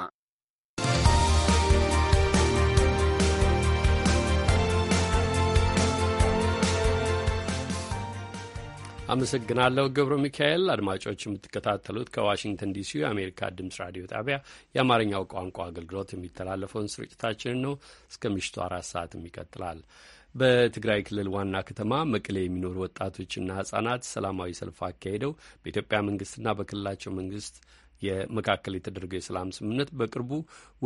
አመሰግናለሁ ገብረ ሚካኤል። አድማጮች የምትከታተሉት ከዋሽንግተን ዲሲ የአሜሪካ ድምፅ ራዲዮ ጣቢያ የአማርኛው ቋንቋ አገልግሎት የሚተላለፈውን ስርጭታችንን ነው። እስከ ምሽቱ አራት ሰዓትም ይቀጥላል። በትግራይ ክልል ዋና ከተማ መቀሌ የሚኖሩ ወጣቶችና ህጻናት ሰላማዊ ሰልፍ አካሄደው በኢትዮጵያ መንግስትና በክልላቸው መንግስት የመካከል የተደረገው የሰላም ስምምነት በቅርቡ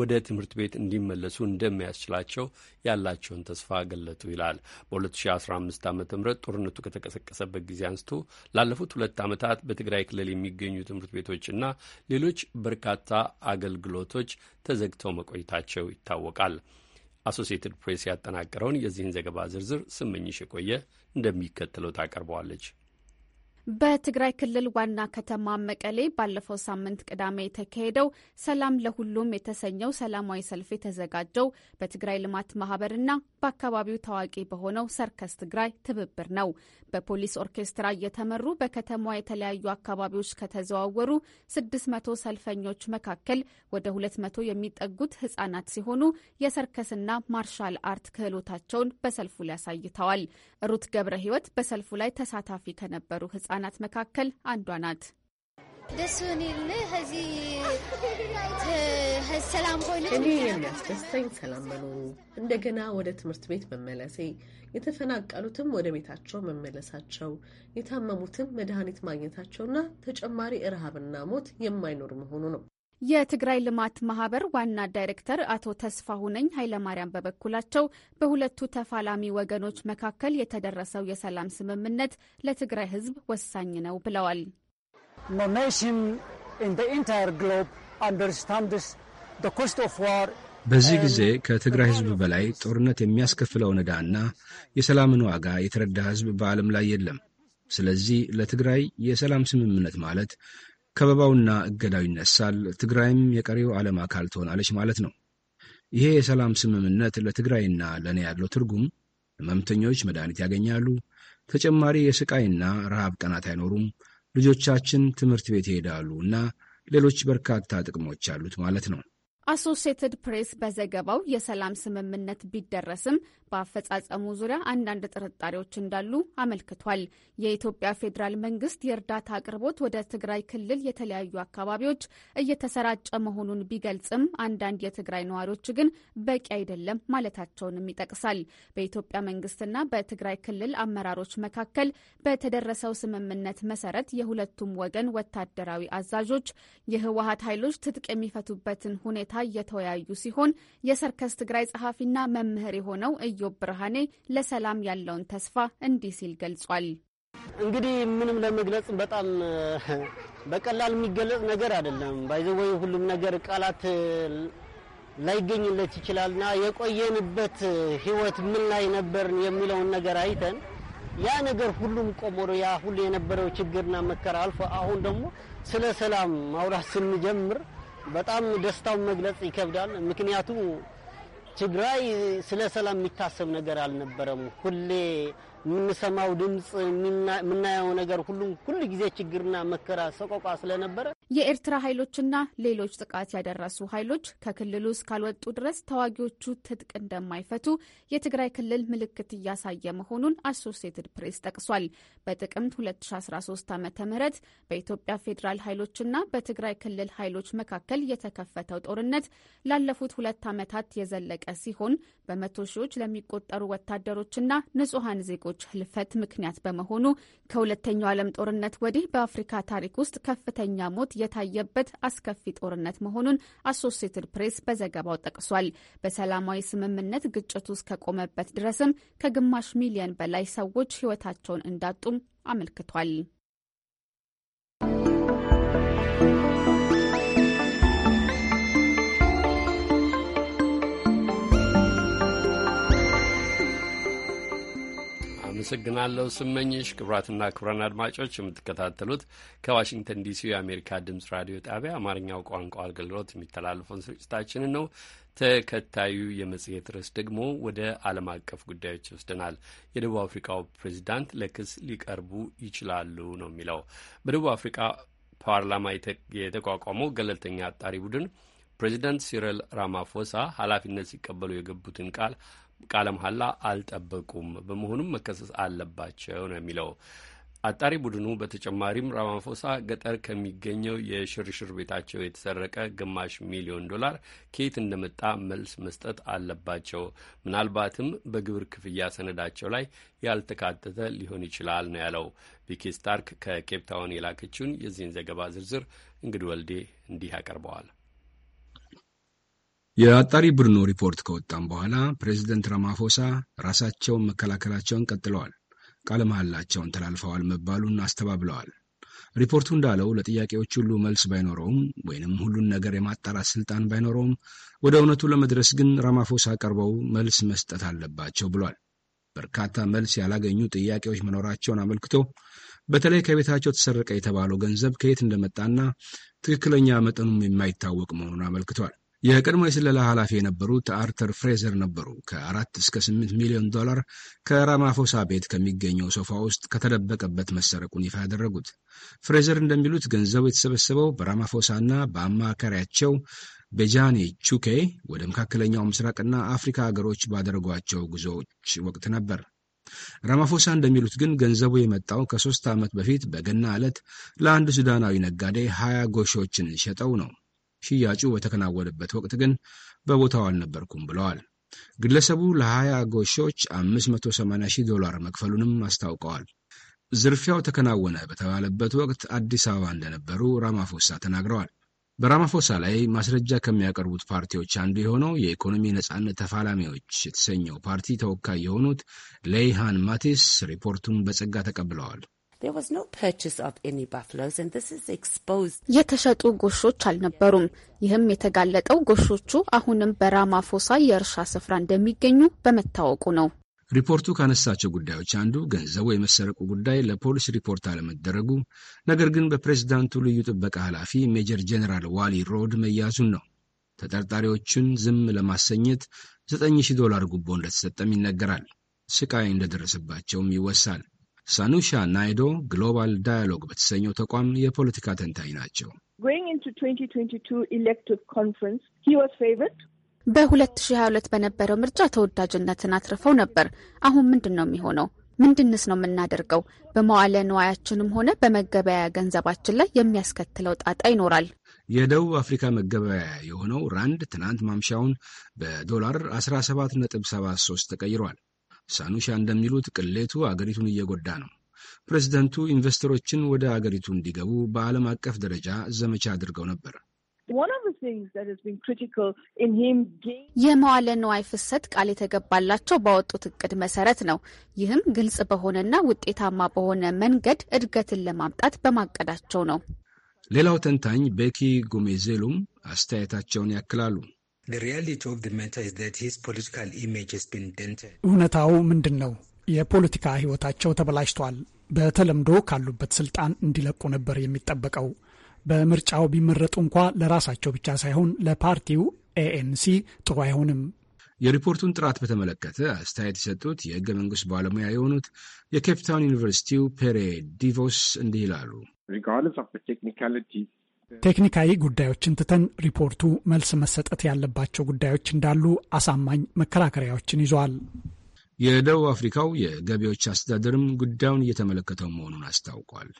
ወደ ትምህርት ቤት እንዲመለሱ እንደሚያስችላቸው ያላቸውን ተስፋ ገለጡ ይላል። በ2015 ዓ ም ጦርነቱ ከተቀሰቀሰበት ጊዜ አንስቶ ላለፉት ሁለት ዓመታት በትግራይ ክልል የሚገኙ ትምህርት ቤቶችና ሌሎች በርካታ አገልግሎቶች ተዘግተው መቆየታቸው ይታወቃል። አሶሲየትድ ፕሬስ ያጠናቀረውን የዚህን ዘገባ ዝርዝር ስመኝሽ የቆየ እንደሚከተለው ታቀርበዋለች። በትግራይ ክልል ዋና ከተማ መቀሌ ባለፈው ሳምንት ቅዳሜ የተካሄደው ሰላም ለሁሉም የተሰኘው ሰላማዊ ሰልፍ የተዘጋጀው በትግራይ ልማት ማህበርና በአካባቢው ታዋቂ በሆነው ሰርከስ ትግራይ ትብብር ነው። በፖሊስ ኦርኬስትራ እየተመሩ በከተማዋ የተለያዩ አካባቢዎች ከተዘዋወሩ 600 ሰልፈኞች መካከል ወደ 200 የሚጠጉት ህጻናት ሲሆኑ የሰርከስና ማርሻል አርት ክህሎታቸውን በሰልፉ ላይ አሳይተዋል። ሩት ገብረ ህይወት በሰልፉ ላይ ተሳታፊ ከነበሩ ህጻናት መካከል አንዷ ናት። ሰላም እኔ የሚያስደስተኝ ሰላም መኖሩ፣ እንደገና ወደ ትምህርት ቤት መመለሴ፣ የተፈናቀሉትም ወደ ቤታቸው መመለሳቸው፣ የታመሙትም መድኃኒት ማግኘታቸውና ተጨማሪ ረሃብና ሞት የማይኖር መሆኑ ነው። የትግራይ ልማት ማህበር ዋና ዳይሬክተር አቶ ተስፋ ሁነኝ ኃይለማርያም በበኩላቸው በሁለቱ ተፋላሚ ወገኖች መካከል የተደረሰው የሰላም ስምምነት ለትግራይ ሕዝብ ወሳኝ ነው ብለዋል። በዚህ ጊዜ ከትግራይ ህዝብ በላይ ጦርነት የሚያስከፍለው ዕዳና የሰላምን ዋጋ የተረዳ ህዝብ በዓለም ላይ የለም። ስለዚህ ለትግራይ የሰላም ስምምነት ማለት ከበባውና እገዳው ይነሳል፣ ትግራይም የቀሪው ዓለም አካል ትሆናለች ማለት ነው። ይሄ የሰላም ስምምነት ለትግራይና ለእኔ ያለው ትርጉም ህመምተኞች መድኃኒት ያገኛሉ፣ ተጨማሪ የስቃይና ረሃብ ቀናት አይኖሩም፣ ልጆቻችን ትምህርት ቤት ይሄዳሉ እና ሌሎች በርካታ ጥቅሞች አሉት ማለት ነው። አሶሴትድ ፕሬስ በዘገባው የሰላም ስምምነት ቢደረስም በአፈጻጸሙ ዙሪያ አንዳንድ ጥርጣሬዎች እንዳሉ አመልክቷል። የኢትዮጵያ ፌዴራል መንግስት የእርዳታ አቅርቦት ወደ ትግራይ ክልል የተለያዩ አካባቢዎች እየተሰራጨ መሆኑን ቢገልጽም አንዳንድ የትግራይ ነዋሪዎች ግን በቂ አይደለም ማለታቸውንም ይጠቅሳል። በኢትዮጵያ መንግስትና በትግራይ ክልል አመራሮች መካከል በተደረሰው ስምምነት መሰረት የሁለቱም ወገን ወታደራዊ አዛዦች የህወሀት ኃይሎች ትጥቅ የሚፈቱበትን ሁኔታ እየተወያዩ ሲሆን የሰርከስ ትግራይ ጸሐፊና መምህር የሆነው እዮብ ብርሃኔ ለሰላም ያለውን ተስፋ እንዲህ ሲል ገልጿል። እንግዲህ ምንም ለመግለጽ በጣም በቀላል የሚገለጽ ነገር አይደለም። ባይዘወይ ሁሉም ነገር ቃላት ላይገኝለት ይችላልና የቆየንበት ህይወት ምን ላይ ነበርን የሚለውን ነገር አይተን ያ ነገር ሁሉም ቆሞ ያ ሁሉ የነበረው ችግርና መከራ አልፎ አሁን ደግሞ ስለ ሰላም ማውራት ስንጀምር በጣም ደስታውን መግለጽ ይከብዳል። ምክንያቱም ትግራይ ስለ ሰላም የሚታሰብ ነገር አልነበረም። ሁሌ የምንሰማው ድምፅ የምናየው ነገር ሁሉም ሁሉ ጊዜ ችግርና መከራ ሰቆቋ ስለነበረ የኤርትራ ኃይሎችና ሌሎች ጥቃት ያደረሱ ኃይሎች ከክልሉ እስካልወጡ ድረስ ተዋጊዎቹ ትጥቅ እንደማይፈቱ የትግራይ ክልል ምልክት እያሳየ መሆኑን አሶሲየትድ ፕሬስ ጠቅሷል። በጥቅምት 2013 ዓ ም በኢትዮጵያ ፌዴራል ኃይሎችና በትግራይ ክልል ኃይሎች መካከል የተከፈተው ጦርነት ላለፉት ሁለት ዓመታት የዘለቀ ሲሆን በመቶ ሺዎች ለሚቆጠሩ ወታደሮችና ንጹሐን ዜጎች የጋዜጦች ህልፈት ምክንያት በመሆኑ ከሁለተኛው ዓለም ጦርነት ወዲህ በአፍሪካ ታሪክ ውስጥ ከፍተኛ ሞት የታየበት አስከፊ ጦርነት መሆኑን አሶሴትድ ፕሬስ በዘገባው ጠቅሷል። በሰላማዊ ስምምነት ግጭቱ ውስጥ ከቆመበት ድረስም ከግማሽ ሚሊዮን በላይ ሰዎች ህይወታቸውን እንዳጡም አመልክቷል። አመሰግናለሁ ስመኝሽ። ክብራትና ክቡራን አድማጮች የምትከታተሉት ከዋሽንግተን ዲሲ የአሜሪካ ድምጽ ራዲዮ ጣቢያ አማርኛው ቋንቋ አገልግሎት የሚተላለፈውን ስርጭታችንን ነው። ተከታዩ የመጽሔት ርዕስ ደግሞ ወደ ዓለም አቀፍ ጉዳዮች ይወስደናል። የደቡብ አፍሪካው ፕሬዚዳንት ለክስ ሊቀርቡ ይችላሉ ነው የሚለው በደቡብ አፍሪካ ፓርላማ የተቋቋመው ገለልተኛ አጣሪ ቡድን ፕሬዚዳንት ሲረል ራማፎሳ ኃላፊነት ሲቀበሉ የገቡትን ቃል ቃለ መሐላ አልጠበቁም፣ በመሆኑም መከሰስ አለባቸው ነው የሚለው አጣሪ ቡድኑ። በተጨማሪም ራማፎሳ ገጠር ከሚገኘው የሽርሽር ቤታቸው የተሰረቀ ግማሽ ሚሊዮን ዶላር ከየት እንደመጣ መልስ መስጠት አለባቸው፣ ምናልባትም በግብር ክፍያ ሰነዳቸው ላይ ያልተካተተ ሊሆን ይችላል ነው ያለው። ቪኪ ስታርክ ከኬፕታውን የላከችውን የዚህን ዘገባ ዝርዝር እንግድ ወልዴ እንዲህ ያቀርበዋል። የአጣሪ ቡድኑ ሪፖርት ከወጣም በኋላ ፕሬዚደንት ራማፎሳ ራሳቸውን መከላከላቸውን ቀጥለዋል፣ ቃለ መሐላቸውን ተላልፈዋል መባሉን አስተባብለዋል። ሪፖርቱ እንዳለው ለጥያቄዎች ሁሉ መልስ ባይኖረውም ወይንም ሁሉን ነገር የማጣራት ስልጣን ባይኖረውም ወደ እውነቱ ለመድረስ ግን ራማፎሳ ቀርበው መልስ መስጠት አለባቸው ብሏል። በርካታ መልስ ያላገኙ ጥያቄዎች መኖራቸውን አመልክቶ በተለይ ከቤታቸው ተሰረቀ የተባለው ገንዘብ ከየት እንደመጣና ትክክለኛ መጠኑም የማይታወቅ መሆኑን አመልክቷል። የቀድሞ የስለላ ኃላፊ የነበሩት አርተር ፍሬዘር ነበሩ ከአራት እስከ ስምንት ሚሊዮን ዶላር ከራማፎሳ ቤት ከሚገኘው ሶፋ ውስጥ ከተደበቀበት መሰረቁን ይፋ ያደረጉት። ፍሬዘር እንደሚሉት ገንዘቡ የተሰበሰበው በራማፎሳ እና በአማካሪያቸው በጃኔ ቹኬ ወደ መካከለኛው ምስራቅና አፍሪካ ሀገሮች ባደረጓቸው ጉዞዎች ወቅት ነበር። ራማፎሳ እንደሚሉት ግን ገንዘቡ የመጣው ከሶስት ዓመት በፊት በገና ዕለት ለአንድ ሱዳናዊ ነጋዴ ሀያ ጎሾችን ሸጠው ነው። ሽያጩ በተከናወነበት ወቅት ግን በቦታው አልነበርኩም ብለዋል። ግለሰቡ ለ20 ጎሾች 580 ሺህ ዶላር መክፈሉንም አስታውቀዋል። ዝርፊያው ተከናወነ በተባለበት ወቅት አዲስ አበባ እንደነበሩ ራማፎሳ ተናግረዋል። በራማፎሳ ላይ ማስረጃ ከሚያቀርቡት ፓርቲዎች አንዱ የሆነው የኢኮኖሚ ነጻነት ተፋላሚዎች የተሰኘው ፓርቲ ተወካይ የሆኑት ሌይሃን ማቲስ ሪፖርቱን በጸጋ ተቀብለዋል። የተሸጡ ጎሾች አልነበሩም። ይህም የተጋለጠው ጎሾቹ አሁንም በራማፎሳ የእርሻ ስፍራ እንደሚገኙ በመታወቁ ነው። ሪፖርቱ ካነሳቸው ጉዳዮች አንዱ ገንዘቡ የመሰረቁ ጉዳይ ለፖሊስ ሪፖርት አለመደረጉ፣ ነገር ግን በፕሬዝዳንቱ ልዩ ጥበቃ ኃላፊ ሜጀር ጀኔራል ዋሊ ሮድ መያዙን ነው። ተጠርጣሪዎችን ዝም ለማሰኘት 9000 ዶላር ጉቦ እንደተሰጠም ይነገራል። ስቃይ እንደደረሰባቸውም ይወሳል። ሳኑሻ ናይዶ ግሎባል ዳያሎግ በተሰኘው ተቋም የፖለቲካ ተንታኝ ናቸው። በ2022 በነበረው ምርጫ ተወዳጅነትን አትርፈው ነበር። አሁን ምንድን ነው የሚሆነው? ምንድንስ ነው የምናደርገው? በመዋለ ንዋያችንም ሆነ በመገበያያ ገንዘባችን ላይ የሚያስከትለው ጣጣ ይኖራል። የደቡብ አፍሪካ መገበያያ የሆነው ራንድ ትናንት ማምሻውን በዶላር 17.73 ተቀይሯል። ሳኑሻ እንደሚሉት ቅሌቱ አገሪቱን እየጎዳ ነው። ፕሬዝደንቱ ኢንቨስተሮችን ወደ አገሪቱ እንዲገቡ በዓለም አቀፍ ደረጃ ዘመቻ አድርገው ነበር። የመዋለ ንዋይ ፍሰት ቃል የተገባላቸው ባወጡት እቅድ መሰረት ነው። ይህም ግልጽ በሆነና ውጤታማ በሆነ መንገድ እድገትን ለማምጣት በማቀዳቸው ነው። ሌላው ተንታኝ ቤኪ ጉሜዜሉም አስተያየታቸውን ያክላሉ። እውነታው ምንድን ነው? የፖለቲካ ህይወታቸው ተበላሽቷል። በተለምዶ ካሉበት ስልጣን እንዲለቁ ነበር የሚጠበቀው። በምርጫው ቢመረጡ እንኳ ለራሳቸው ብቻ ሳይሆን ለፓርቲው ኤኤንሲ ጥሩ አይሆንም። የሪፖርቱን ጥራት በተመለከተ አስተያየት የሰጡት የህገ መንግስት ባለሙያ የሆኑት የኬፕታውን ዩኒቨርሲቲው ፔሬ ዲቮስ እንዲህ ይላሉ። ቴክኒካዊ ጉዳዮችን ትተን ሪፖርቱ መልስ መሰጠት ያለባቸው ጉዳዮች እንዳሉ አሳማኝ መከራከሪያዎችን ይዟል። የደቡብ አፍሪካው የገቢዎች አስተዳደርም ጉዳዩን እየተመለከተው መሆኑን አስታውቋል።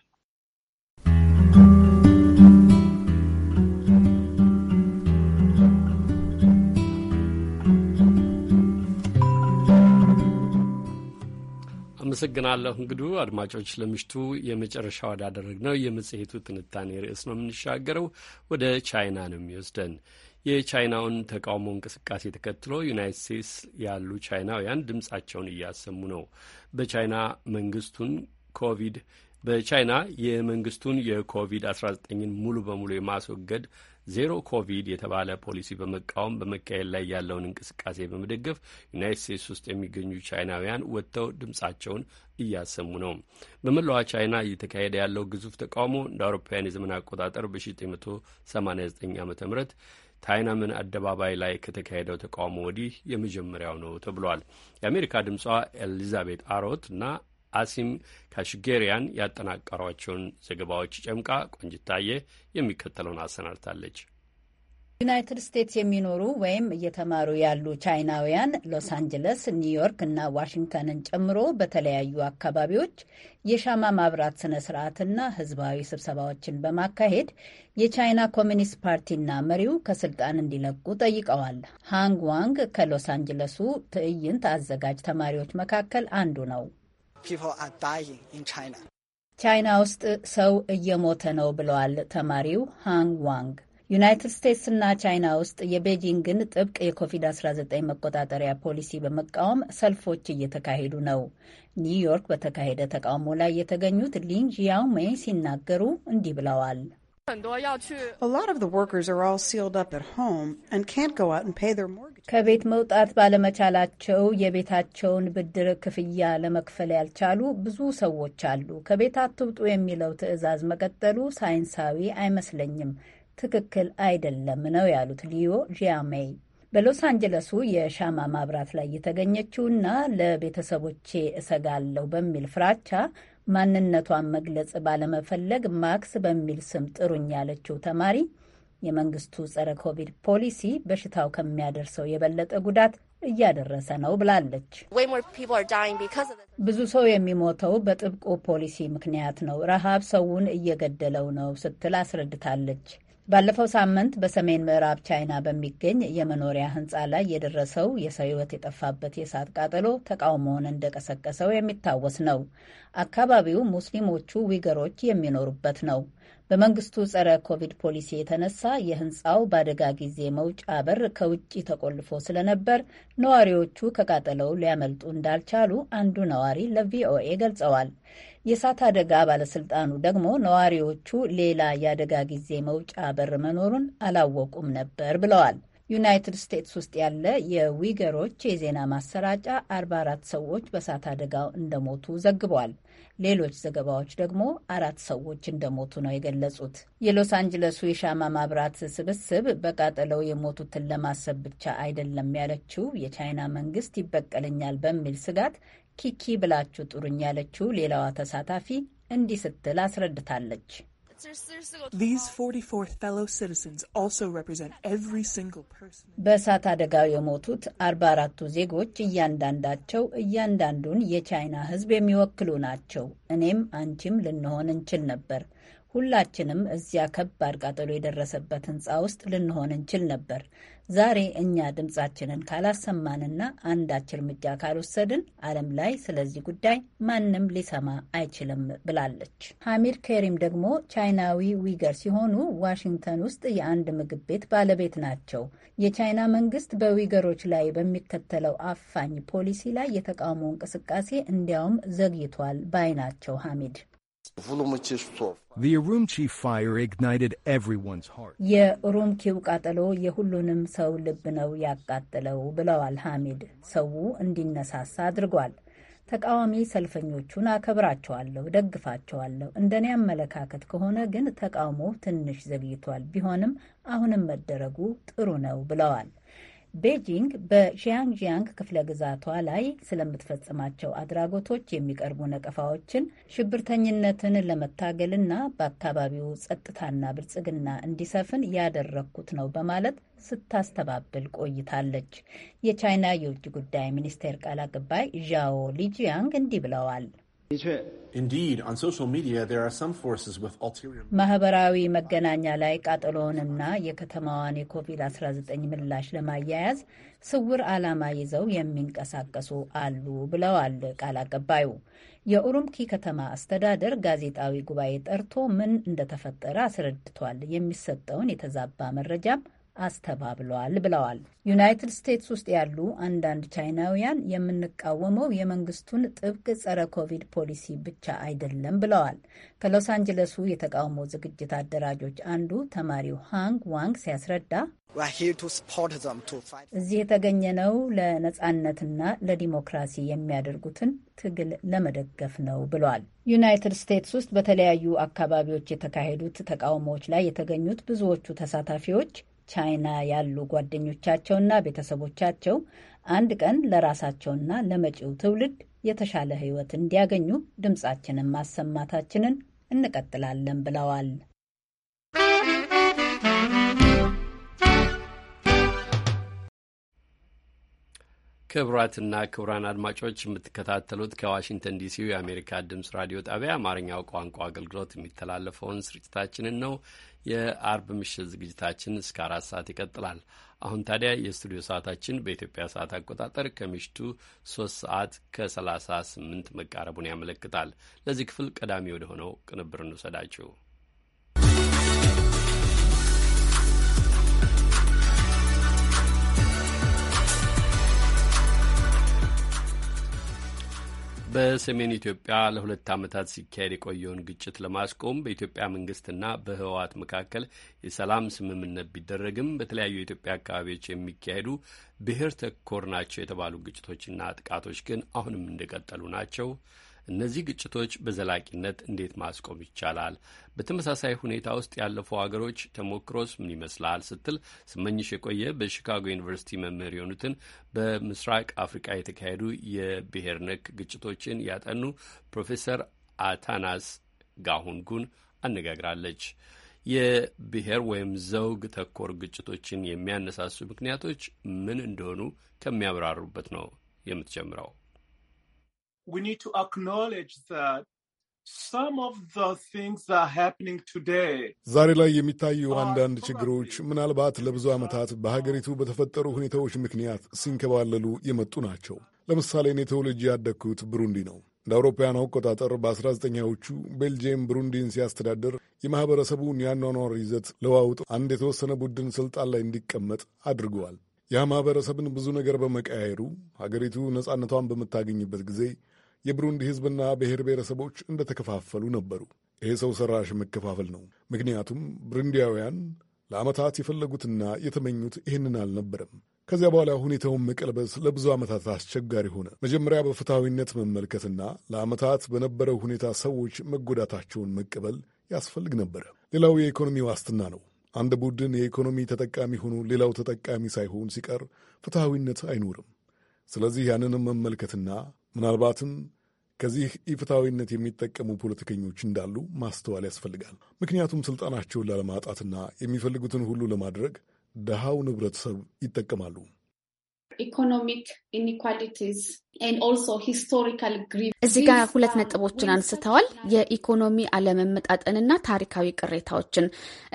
አመሰግናለሁ እንግዱ። አድማጮች ለምሽቱ የመጨረሻ ወዳደረግነው የመጽሔቱ ትንታኔ ርዕስ ነው የምንሻገረው። ወደ ቻይና ነው የሚወስደን። የቻይናውን ተቃውሞ እንቅስቃሴ ተከትሎ ዩናይት ስቴትስ ያሉ ቻይናውያን ድምጻቸውን እያሰሙ ነው። በቻይና መንግስቱን ኮቪድ በቻይና የመንግስቱን የኮቪድ-19ን ሙሉ በሙሉ የማስወገድ ዜሮ ኮቪድ የተባለ ፖሊሲ በመቃወም በመካሄድ ላይ ያለውን እንቅስቃሴ በመደገፍ ዩናይት ስቴትስ ውስጥ የሚገኙ ቻይናውያን ወጥተው ድምጻቸውን እያሰሙ ነው። በመላዋ ቻይና እየተካሄደ ያለው ግዙፍ ተቃውሞ እንደ አውሮፓውያን የዘመን አቆጣጠር በ1989 ዓ ም ታይናምን አደባባይ ላይ ከተካሄደው ተቃውሞ ወዲህ የመጀመሪያው ነው ተብሏል። የአሜሪካ ድምጿ ኤሊዛቤት አሮት እና አሲም ካሽጌሪያን ያጠናቀሯቸውን ዘገባዎች ጨምቃ ቆንጅታየ የሚከተለውን አሰናድታለች። ዩናይትድ ስቴትስ የሚኖሩ ወይም እየተማሩ ያሉ ቻይናውያን ሎስ አንጀለስ፣ ኒውዮርክ እና ዋሽንግተንን ጨምሮ በተለያዩ አካባቢዎች የሻማ ማብራት ስነ ስርዓትና ህዝባዊ ስብሰባዎችን በማካሄድ የቻይና ኮሚኒስት ፓርቲና መሪው ከስልጣን እንዲለቁ ጠይቀዋል። ሃንግ ዋንግ ከሎስ አንጀለሱ ትዕይንት አዘጋጅ ተማሪዎች መካከል አንዱ ነው። ቻይና ውስጥ ሰው እየሞተ ነው ብለዋል ተማሪው ሃንግ ዋንግ። ዩናይትድ ስቴትስና ቻይና ውስጥ የቤጂንግን ጥብቅ የኮቪድ-19 መቆጣጠሪያ ፖሊሲ በመቃወም ሰልፎች እየተካሄዱ ነው። ኒውዮርክ በተካሄደ ተቃውሞ ላይ የተገኙት ሊን ጂያውሜ ሲናገሩ እንዲህ ብለዋል። ከቤት መውጣት ባለመቻላቸው የቤታቸውን ብድር ክፍያ ለመክፈል ያልቻሉ ብዙ ሰዎች አሉ። ከቤት አትውጡ የሚለው ትዕዛዝ መቀጠሉ ሳይንሳዊ አይመስለኝም፣ ትክክል አይደለም ነው ያሉት ሊዮ ዣሜይ። በሎስ አንጀለሱ የሻማ ማብራት ላይ የተገኘችውና ለቤተሰቦቼ እሰጋለሁ በሚል ፍራቻ ማንነቷን መግለጽ ባለመፈለግ ማክስ በሚል ስም ጥሩኝ ያለችው ተማሪ የመንግስቱ ጸረ ኮቪድ ፖሊሲ በሽታው ከሚያደርሰው የበለጠ ጉዳት እያደረሰ ነው ብላለች። ብዙ ሰው የሚሞተው በጥብቁ ፖሊሲ ምክንያት ነው፣ ረሃብ ሰውን እየገደለው ነው ስትል አስረድታለች። ባለፈው ሳምንት በሰሜን ምዕራብ ቻይና በሚገኝ የመኖሪያ ህንፃ ላይ የደረሰው የሰው ህይወት የጠፋበት የእሳት ቃጠሎ ተቃውሞውን እንደቀሰቀሰው የሚታወስ ነው። አካባቢው ሙስሊሞቹ ዊገሮች የሚኖሩበት ነው። በመንግስቱ ጸረ ኮቪድ ፖሊሲ የተነሳ የህንፃው በአደጋ ጊዜ መውጫ በር ከውጭ ተቆልፎ ስለነበር ነዋሪዎቹ ከቃጠለው ሊያመልጡ እንዳልቻሉ አንዱ ነዋሪ ለቪኦኤ ገልጸዋል። የእሳት አደጋ ባለስልጣኑ ደግሞ ነዋሪዎቹ ሌላ የአደጋ ጊዜ መውጫ በር መኖሩን አላወቁም ነበር ብለዋል። ዩናይትድ ስቴትስ ውስጥ ያለ የዊገሮች የዜና ማሰራጫ 44 ሰዎች በእሳት አደጋው እንደሞቱ ዘግቧል። ሌሎች ዘገባዎች ደግሞ አራት ሰዎች እንደሞቱ ነው የገለጹት። የሎስ አንጅለሱ የሻማ ማብራት ስብስብ በቃጠለው የሞቱትን ለማሰብ ብቻ አይደለም ያለችው የቻይና መንግስት ይበቀለኛል በሚል ስጋት ኪኪ ብላችሁ ጥሩኝ ያለችው ሌላዋ ተሳታፊ እንዲህ ስትል አስረድታለች። በእሳት አደጋው የሞቱት 44ቱ ዜጎች እያንዳንዳቸው እያንዳንዱን የቻይና ሕዝብ የሚወክሉ ናቸው። እኔም አንቺም ልንሆን እንችል ነበር። ሁላችንም እዚያ ከባድ ቃጠሎ የደረሰበት ሕንፃ ውስጥ ልንሆን እንችል ነበር። ዛሬ እኛ ድምፃችንን ካላሰማንና አንዳች እርምጃ ካልወሰድን ዓለም ላይ ስለዚህ ጉዳይ ማንም ሊሰማ አይችልም ብላለች። ሐሚድ ኬሪም ደግሞ ቻይናዊ ዊገር ሲሆኑ ዋሽንግተን ውስጥ የአንድ ምግብ ቤት ባለቤት ናቸው። የቻይና መንግስት በዊገሮች ላይ በሚከተለው አፋኝ ፖሊሲ ላይ የተቃውሞ እንቅስቃሴ እንዲያውም ዘግይቷል ባይ ናቸው ሐሚድ የኡሩምኪው ቃጠሎ የሁሉንም ሰው ልብ ነው ያቃጠለው ብለዋል ሐሚድ። ሰው እንዲነሳሳ አድርጓል። ተቃዋሚ ሰልፈኞቹን አከብራቸዋለሁ፣ ደግፋቸዋለሁ። እንደኔ አመለካከት ከሆነ ግን ተቃውሞ ትንሽ ዘግይቷል። ቢሆንም አሁንም መደረጉ ጥሩ ነው ብለዋል። ቤጂንግ በሺያንጂያንግ ክፍለ ግዛቷ ላይ ስለምትፈጽማቸው አድራጎቶች የሚቀርቡ ነቀፋዎችን ሽብርተኝነትን ለመታገልና በአካባቢው ጸጥታና ብልጽግና እንዲሰፍን ያደረግኩት ነው በማለት ስታስተባብል ቆይታለች። የቻይና የውጭ ጉዳይ ሚኒስቴር ቃል አቀባይ ዣኦ ሊጂያንግ እንዲህ ብለዋል። ማህበራዊ መገናኛ ላይ ቃጠሎውንና የከተማዋን የኮቪድ-19 ምላሽ ለማያያዝ ስውር ዓላማ ይዘው የሚንቀሳቀሱ አሉ ብለዋል ቃል አቀባዩ። የኡሩምኪ ከተማ አስተዳደር ጋዜጣዊ ጉባኤ ጠርቶ ምን እንደተፈጠረ አስረድቷል። የሚሰጠውን የተዛባ መረጃም አስተባብለዋል ብለዋል። ዩናይትድ ስቴትስ ውስጥ ያሉ አንዳንድ ቻይናውያን የምንቃወመው የመንግስቱን ጥብቅ ጸረ ኮቪድ ፖሊሲ ብቻ አይደለም ብለዋል። ከሎስ አንጀለሱ የተቃውሞ ዝግጅት አደራጆች አንዱ ተማሪው ሃንግ ዋንግ ሲያስረዳ እዚህ የተገኘነው ለነጻነትና ለዲሞክራሲ የሚያደርጉትን ትግል ለመደገፍ ነው ብሏል። ዩናይትድ ስቴትስ ውስጥ በተለያዩ አካባቢዎች የተካሄዱት ተቃውሞዎች ላይ የተገኙት ብዙዎቹ ተሳታፊዎች ቻይና ያሉ ጓደኞቻቸውና ቤተሰቦቻቸው አንድ ቀን ለራሳቸውና ለመጪው ትውልድ የተሻለ ሕይወት እንዲያገኙ ድምጻችንን ማሰማታችንን እንቀጥላለን ብለዋል። ክቡራትና ክቡራን አድማጮች የምትከታተሉት ከዋሽንግተን ዲሲው የአሜሪካ ድምጽ ራዲዮ ጣቢያ አማርኛው ቋንቋ አገልግሎት የሚተላለፈውን ስርጭታችንን ነው። የአርብ ምሽት ዝግጅታችን እስከ አራት ሰዓት ይቀጥላል። አሁን ታዲያ የስቱዲዮ ሰዓታችን በኢትዮጵያ ሰዓት አቆጣጠር ከምሽቱ ሶስት ሰዓት ከሰላሳ ስምንት መቃረቡን ያመለክታል። ለዚህ ክፍል ቀዳሚ ወደሆነው ቅንብር እንውሰዳችሁ። በሰሜን ኢትዮጵያ ለሁለት ዓመታት ሲካሄድ የቆየውን ግጭት ለማስቆም በኢትዮጵያ መንግስትና በህወሓት መካከል የሰላም ስምምነት ቢደረግም በተለያዩ የኢትዮጵያ አካባቢዎች የሚካሄዱ ብሔር ተኮር ናቸው የተባሉ ግጭቶችና ጥቃቶች ግን አሁንም እንደቀጠሉ ናቸው። እነዚህ ግጭቶች በዘላቂነት እንዴት ማስቆም ይቻላል? በተመሳሳይ ሁኔታ ውስጥ ያለፉ አገሮች ተሞክሮስ ምን ይመስላል? ስትል ስመኝሽ የቆየ በሺካጎ ዩኒቨርሲቲ መምህር የሆኑትን በምስራቅ አፍሪቃ የተካሄዱ የብሔር ነክ ግጭቶችን ያጠኑ ፕሮፌሰር አታናስ ጋሁንጉን አነጋግራለች። የብሔር ወይም ዘውግ ተኮር ግጭቶችን የሚያነሳሱ ምክንያቶች ምን እንደሆኑ ከሚያብራሩበት ነው የምትጀምረው። we need to acknowledge that ዛሬ ላይ የሚታዩ አንዳንድ ችግሮች ምናልባት ለብዙ ዓመታት በሀገሪቱ በተፈጠሩ ሁኔታዎች ምክንያት ሲንከባለሉ የመጡ ናቸው። ለምሳሌ እኔ ተወልጄ ያደግኩት ብሩንዲ ነው። እንደ አውሮፓውያኑ አቆጣጠር በ 19 ዎቹ ቤልጅየም ብሩንዲን ሲያስተዳድር የማኅበረሰቡን የአኗኗር ይዘት ለዋውጥ አንድ የተወሰነ ቡድን ሥልጣን ላይ እንዲቀመጥ አድርገዋል። ያ ማኅበረሰብን ብዙ ነገር በመቀያየሩ ሀገሪቱ ነጻነቷን በምታገኝበት ጊዜ የብሩንዲ ህዝብና ብሔር ብሔረሰቦች እንደተከፋፈሉ ነበሩ። ይሄ ሰው ሰራሽ መከፋፈል ነው። ምክንያቱም ብሩንዲያውያን ለዓመታት የፈለጉትና የተመኙት ይህንን አልነበረም። ከዚያ በኋላ ሁኔታውን መቀልበስ ለብዙ ዓመታት አስቸጋሪ ሆነ። መጀመሪያ በፍትሐዊነት መመልከትና ለዓመታት በነበረው ሁኔታ ሰዎች መጎዳታቸውን መቀበል ያስፈልግ ነበረ። ሌላው የኢኮኖሚ ዋስትና ነው። አንድ ቡድን የኢኮኖሚ ተጠቃሚ ሆኖ ሌላው ተጠቃሚ ሳይሆን ሲቀር ፍትሐዊነት አይኖርም። ስለዚህ ያንንም መመልከትና ምናልባትም ከዚህ ኢፍታዊነት የሚጠቀሙ ፖለቲከኞች እንዳሉ ማስተዋል ያስፈልጋል። ምክንያቱም ስልጣናቸውን ላለማጣትና የሚፈልጉትን ሁሉ ለማድረግ ድሃው ንብረተሰብ ይጠቀማሉ። ኢኮኖሚክ ኢኒኳሊቲስ እዚህ ጋር ሁለት ነጥቦችን አንስተዋል። የኢኮኖሚ አለመመጣጠንና ታሪካዊ ቅሬታዎችን።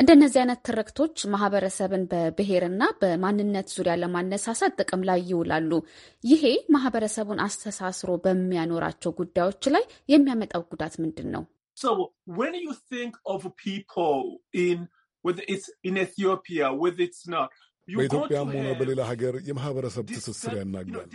እንደነዚህ አይነት ትርክቶች ማህበረሰብን በብሔርና በማንነት ዙሪያ ለማነሳሳት ጥቅም ላይ ይውላሉ። ይሄ ማህበረሰቡን አስተሳስሮ በሚያኖራቸው ጉዳዮች ላይ የሚያመጣው ጉዳት ምንድን ነው? ኢትዮጵያ በኢትዮጵያም ሆነ በሌላ ሀገር የማህበረሰብ ትስስር ያናግዳል።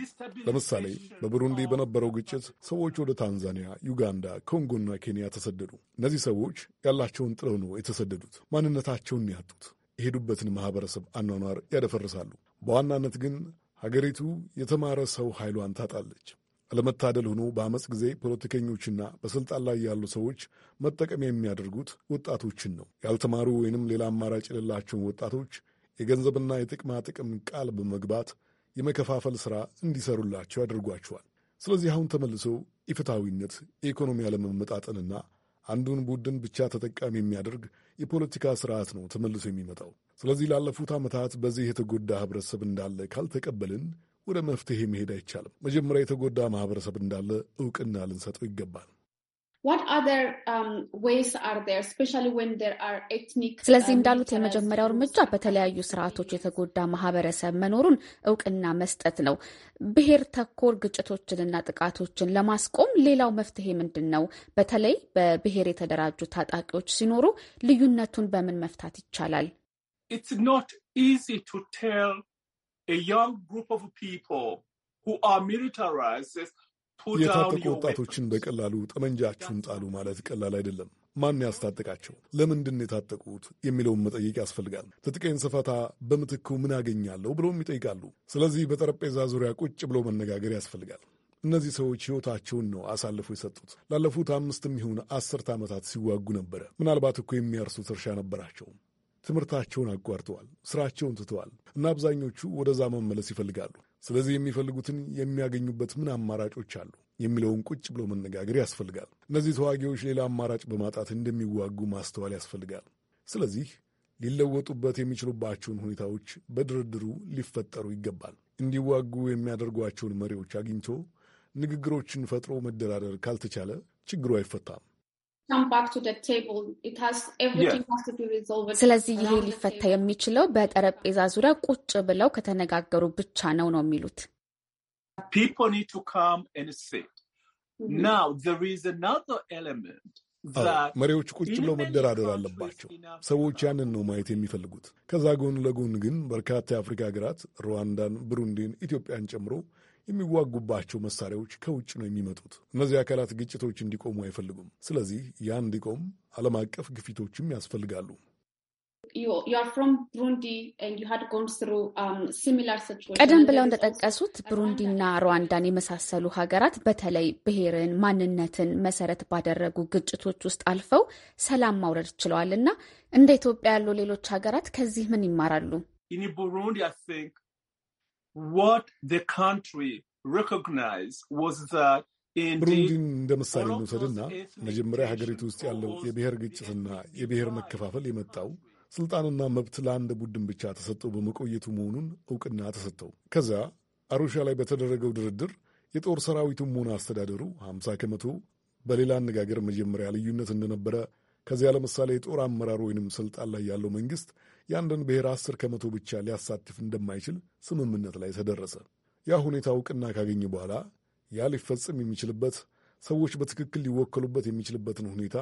ለምሳሌ በብሩንዲ oh. በነበረው ግጭት ሰዎች ወደ ታንዛኒያ፣ ዩጋንዳ፣ ኮንጎና ኬንያ ተሰደዱ። እነዚህ ሰዎች ያላቸውን ጥለው ነው የተሰደዱት። ማንነታቸውን ያጡት፣ የሄዱበትን ማህበረሰብ አኗኗር ያደፈርሳሉ። በዋናነት ግን ሀገሪቱ የተማረ ሰው ኃይሏን ታጣለች። አለመታደል ሆኖ በአመፅ ጊዜ ፖለቲከኞችና በስልጣን ላይ ያሉ ሰዎች መጠቀሚያ የሚያደርጉት ወጣቶችን ነው። ያልተማሩ ወይንም ሌላ አማራጭ የሌላቸውን ወጣቶች የገንዘብና የጥቅማ ጥቅም ቃል በመግባት የመከፋፈል ሥራ እንዲሰሩላቸው ያደርጓቸዋል። ስለዚህ አሁን ተመልሶ ኢፍትሐዊነት፣ የኢኮኖሚ አለመመጣጠንና አንዱን ቡድን ብቻ ተጠቃሚ የሚያደርግ የፖለቲካ ስርዓት ነው ተመልሶ የሚመጣው። ስለዚህ ላለፉት ዓመታት በዚህ የተጎዳ ህብረተሰብ እንዳለ ካልተቀበልን ወደ መፍትሄ መሄድ አይቻልም። መጀመሪያ የተጎዳ ማህበረሰብ እንዳለ እውቅና ልንሰጠው ይገባል። ስለዚህ እንዳሉት የመጀመሪያው እርምጃ በተለያዩ ስርዓቶች የተጎዳ ማህበረሰብ መኖሩን እውቅና መስጠት ነው። ብሔር ተኮር ግጭቶችንና ጥቃቶችን ለማስቆም ሌላው መፍትሄ ምንድን ነው? በተለይ በብሔር የተደራጁ ታጣቂዎች ሲኖሩ ልዩነቱን በምን መፍታት ይቻላል? የታጠቁ ወጣቶችን በቀላሉ ጠመንጃችሁን ጣሉ ማለት ቀላል አይደለም። ማን ያስታጠቃቸው? ለምንድን የታጠቁት? የሚለውን መጠየቅ ያስፈልጋል። ትጥቄን ስፈታ በምትኩ ምን አገኛለሁ ብሎም ይጠይቃሉ። ስለዚህ በጠረጴዛ ዙሪያ ቁጭ ብሎ መነጋገር ያስፈልጋል። እነዚህ ሰዎች ሕይወታቸውን ነው አሳልፎ የሰጡት። ላለፉት አምስት የሚሆን አስርት ዓመታት ሲዋጉ ነበረ። ምናልባት እኮ የሚያርሱት እርሻ ነበራቸው። ትምህርታቸውን አቋርጠዋል። ስራቸውን ትተዋል እና አብዛኞቹ ወደዛ መመለስ ይፈልጋሉ። ስለዚህ የሚፈልጉትን የሚያገኙበት ምን አማራጮች አሉ የሚለውን ቁጭ ብሎ መነጋገር ያስፈልጋል። እነዚህ ተዋጊዎች ሌላ አማራጭ በማጣት እንደሚዋጉ ማስተዋል ያስፈልጋል። ስለዚህ ሊለወጡበት የሚችሉባቸውን ሁኔታዎች በድርድሩ ሊፈጠሩ ይገባል። እንዲዋጉ የሚያደርጓቸውን መሪዎች አግኝቶ ንግግሮችን ፈጥሮ መደራደር ካልተቻለ ችግሩ አይፈታም። ስለዚህ ይሄ ሊፈታ የሚችለው በጠረጴዛ ዙሪያ ቁጭ ብለው ከተነጋገሩ ብቻ ነው ነው የሚሉት። mm-hmm. መሪዎች ቁጭ ብለው መደራደር አለባቸው። ሰዎች ያንን ነው ማየት የሚፈልጉት። ከዛ ጎን ለጎን ግን በርካታ የአፍሪካ ሀገራት ሩዋንዳን፣ ብሩንዲን፣ ኢትዮጵያን ጨምሮ የሚዋጉባቸው መሳሪያዎች ከውጭ ነው የሚመጡት። እነዚህ አካላት ግጭቶች እንዲቆሙ አይፈልጉም። ስለዚህ ያ እንዲቆም ዓለም አቀፍ ግፊቶችም ያስፈልጋሉ። um, ቀደም ብለው እንደጠቀሱት ብሩንዲና ሩዋንዳን የመሳሰሉ ሀገራት በተለይ ብሔርን፣ ማንነትን መሰረት ባደረጉ ግጭቶች ውስጥ አልፈው ሰላም ማውረድ ችለዋል እና እንደ ኢትዮጵያ ያሉ ሌሎች ሀገራት ከዚህ ምን ይማራሉ? what the country recognized was that ብሩንዲን እንደ ምሳሌ እንውሰድና መጀመሪያ ሀገሪቱ ውስጥ ያለው የብሔር ግጭትና የብሔር መከፋፈል የመጣው ስልጣንና መብት ለአንድ ቡድን ብቻ ተሰጠው በመቆየቱ መሆኑን እውቅና ተሰጠው። ከዛ አሩሻ ላይ በተደረገው ድርድር የጦር ሰራዊቱም ሆነ አስተዳደሩ 50 ከመቶ በሌላ አነጋገር መጀመሪያ ልዩነት እንደነበረ ከዚያ ለምሳሌ የጦር አመራር ወይንም ስልጣን ላይ ያለው መንግስት የአንድን ብሔር አስር ከመቶ ብቻ ሊያሳትፍ እንደማይችል ስምምነት ላይ ተደረሰ። ያ ሁኔታ እውቅና ካገኘ በኋላ ያ ሊፈጽም የሚችልበት ሰዎች በትክክል ሊወከሉበት የሚችልበትን ሁኔታ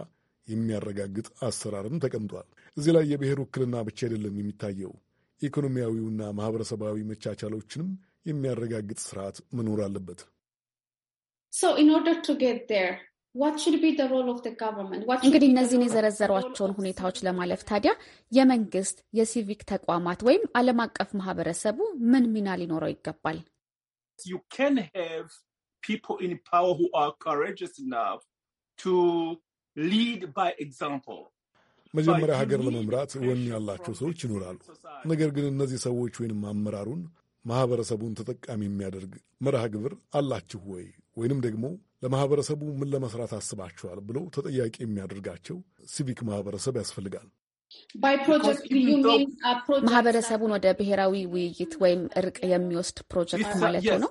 የሚያረጋግጥ አሰራርም ተቀምጧል። እዚህ ላይ የብሔር ውክልና ብቻ አይደለም የሚታየው ኢኮኖሚያዊውና ማህበረሰባዊ መቻቻሎችንም የሚያረጋግጥ ስርዓት መኖር አለበት። So in order to get there, እንግዲህ እነዚህን የዘረዘሯቸውን ሁኔታዎች ለማለፍ ታዲያ የመንግስት የሲቪክ ተቋማት ወይም ዓለም አቀፍ ማህበረሰቡ ምን ሚና ሊኖረው ይገባል? መጀመሪያ ሀገር ለመምራት ወን ያላቸው ሰዎች ይኖራሉ። ነገር ግን እነዚህ ሰዎች ወይንም አመራሩን ማህበረሰቡን ተጠቃሚ የሚያደርግ መርሃ ግብር አላችሁ ወይ ወይንም ደግሞ ለማህበረሰቡ ምን ለመስራት አስባችኋል ብሎ ተጠያቂ የሚያደርጋቸው ሲቪክ ማህበረሰብ ያስፈልጋል። ማህበረሰቡን ወደ ብሔራዊ ውይይት ወይም እርቅ የሚወስድ ፕሮጀክት ማለት ነው።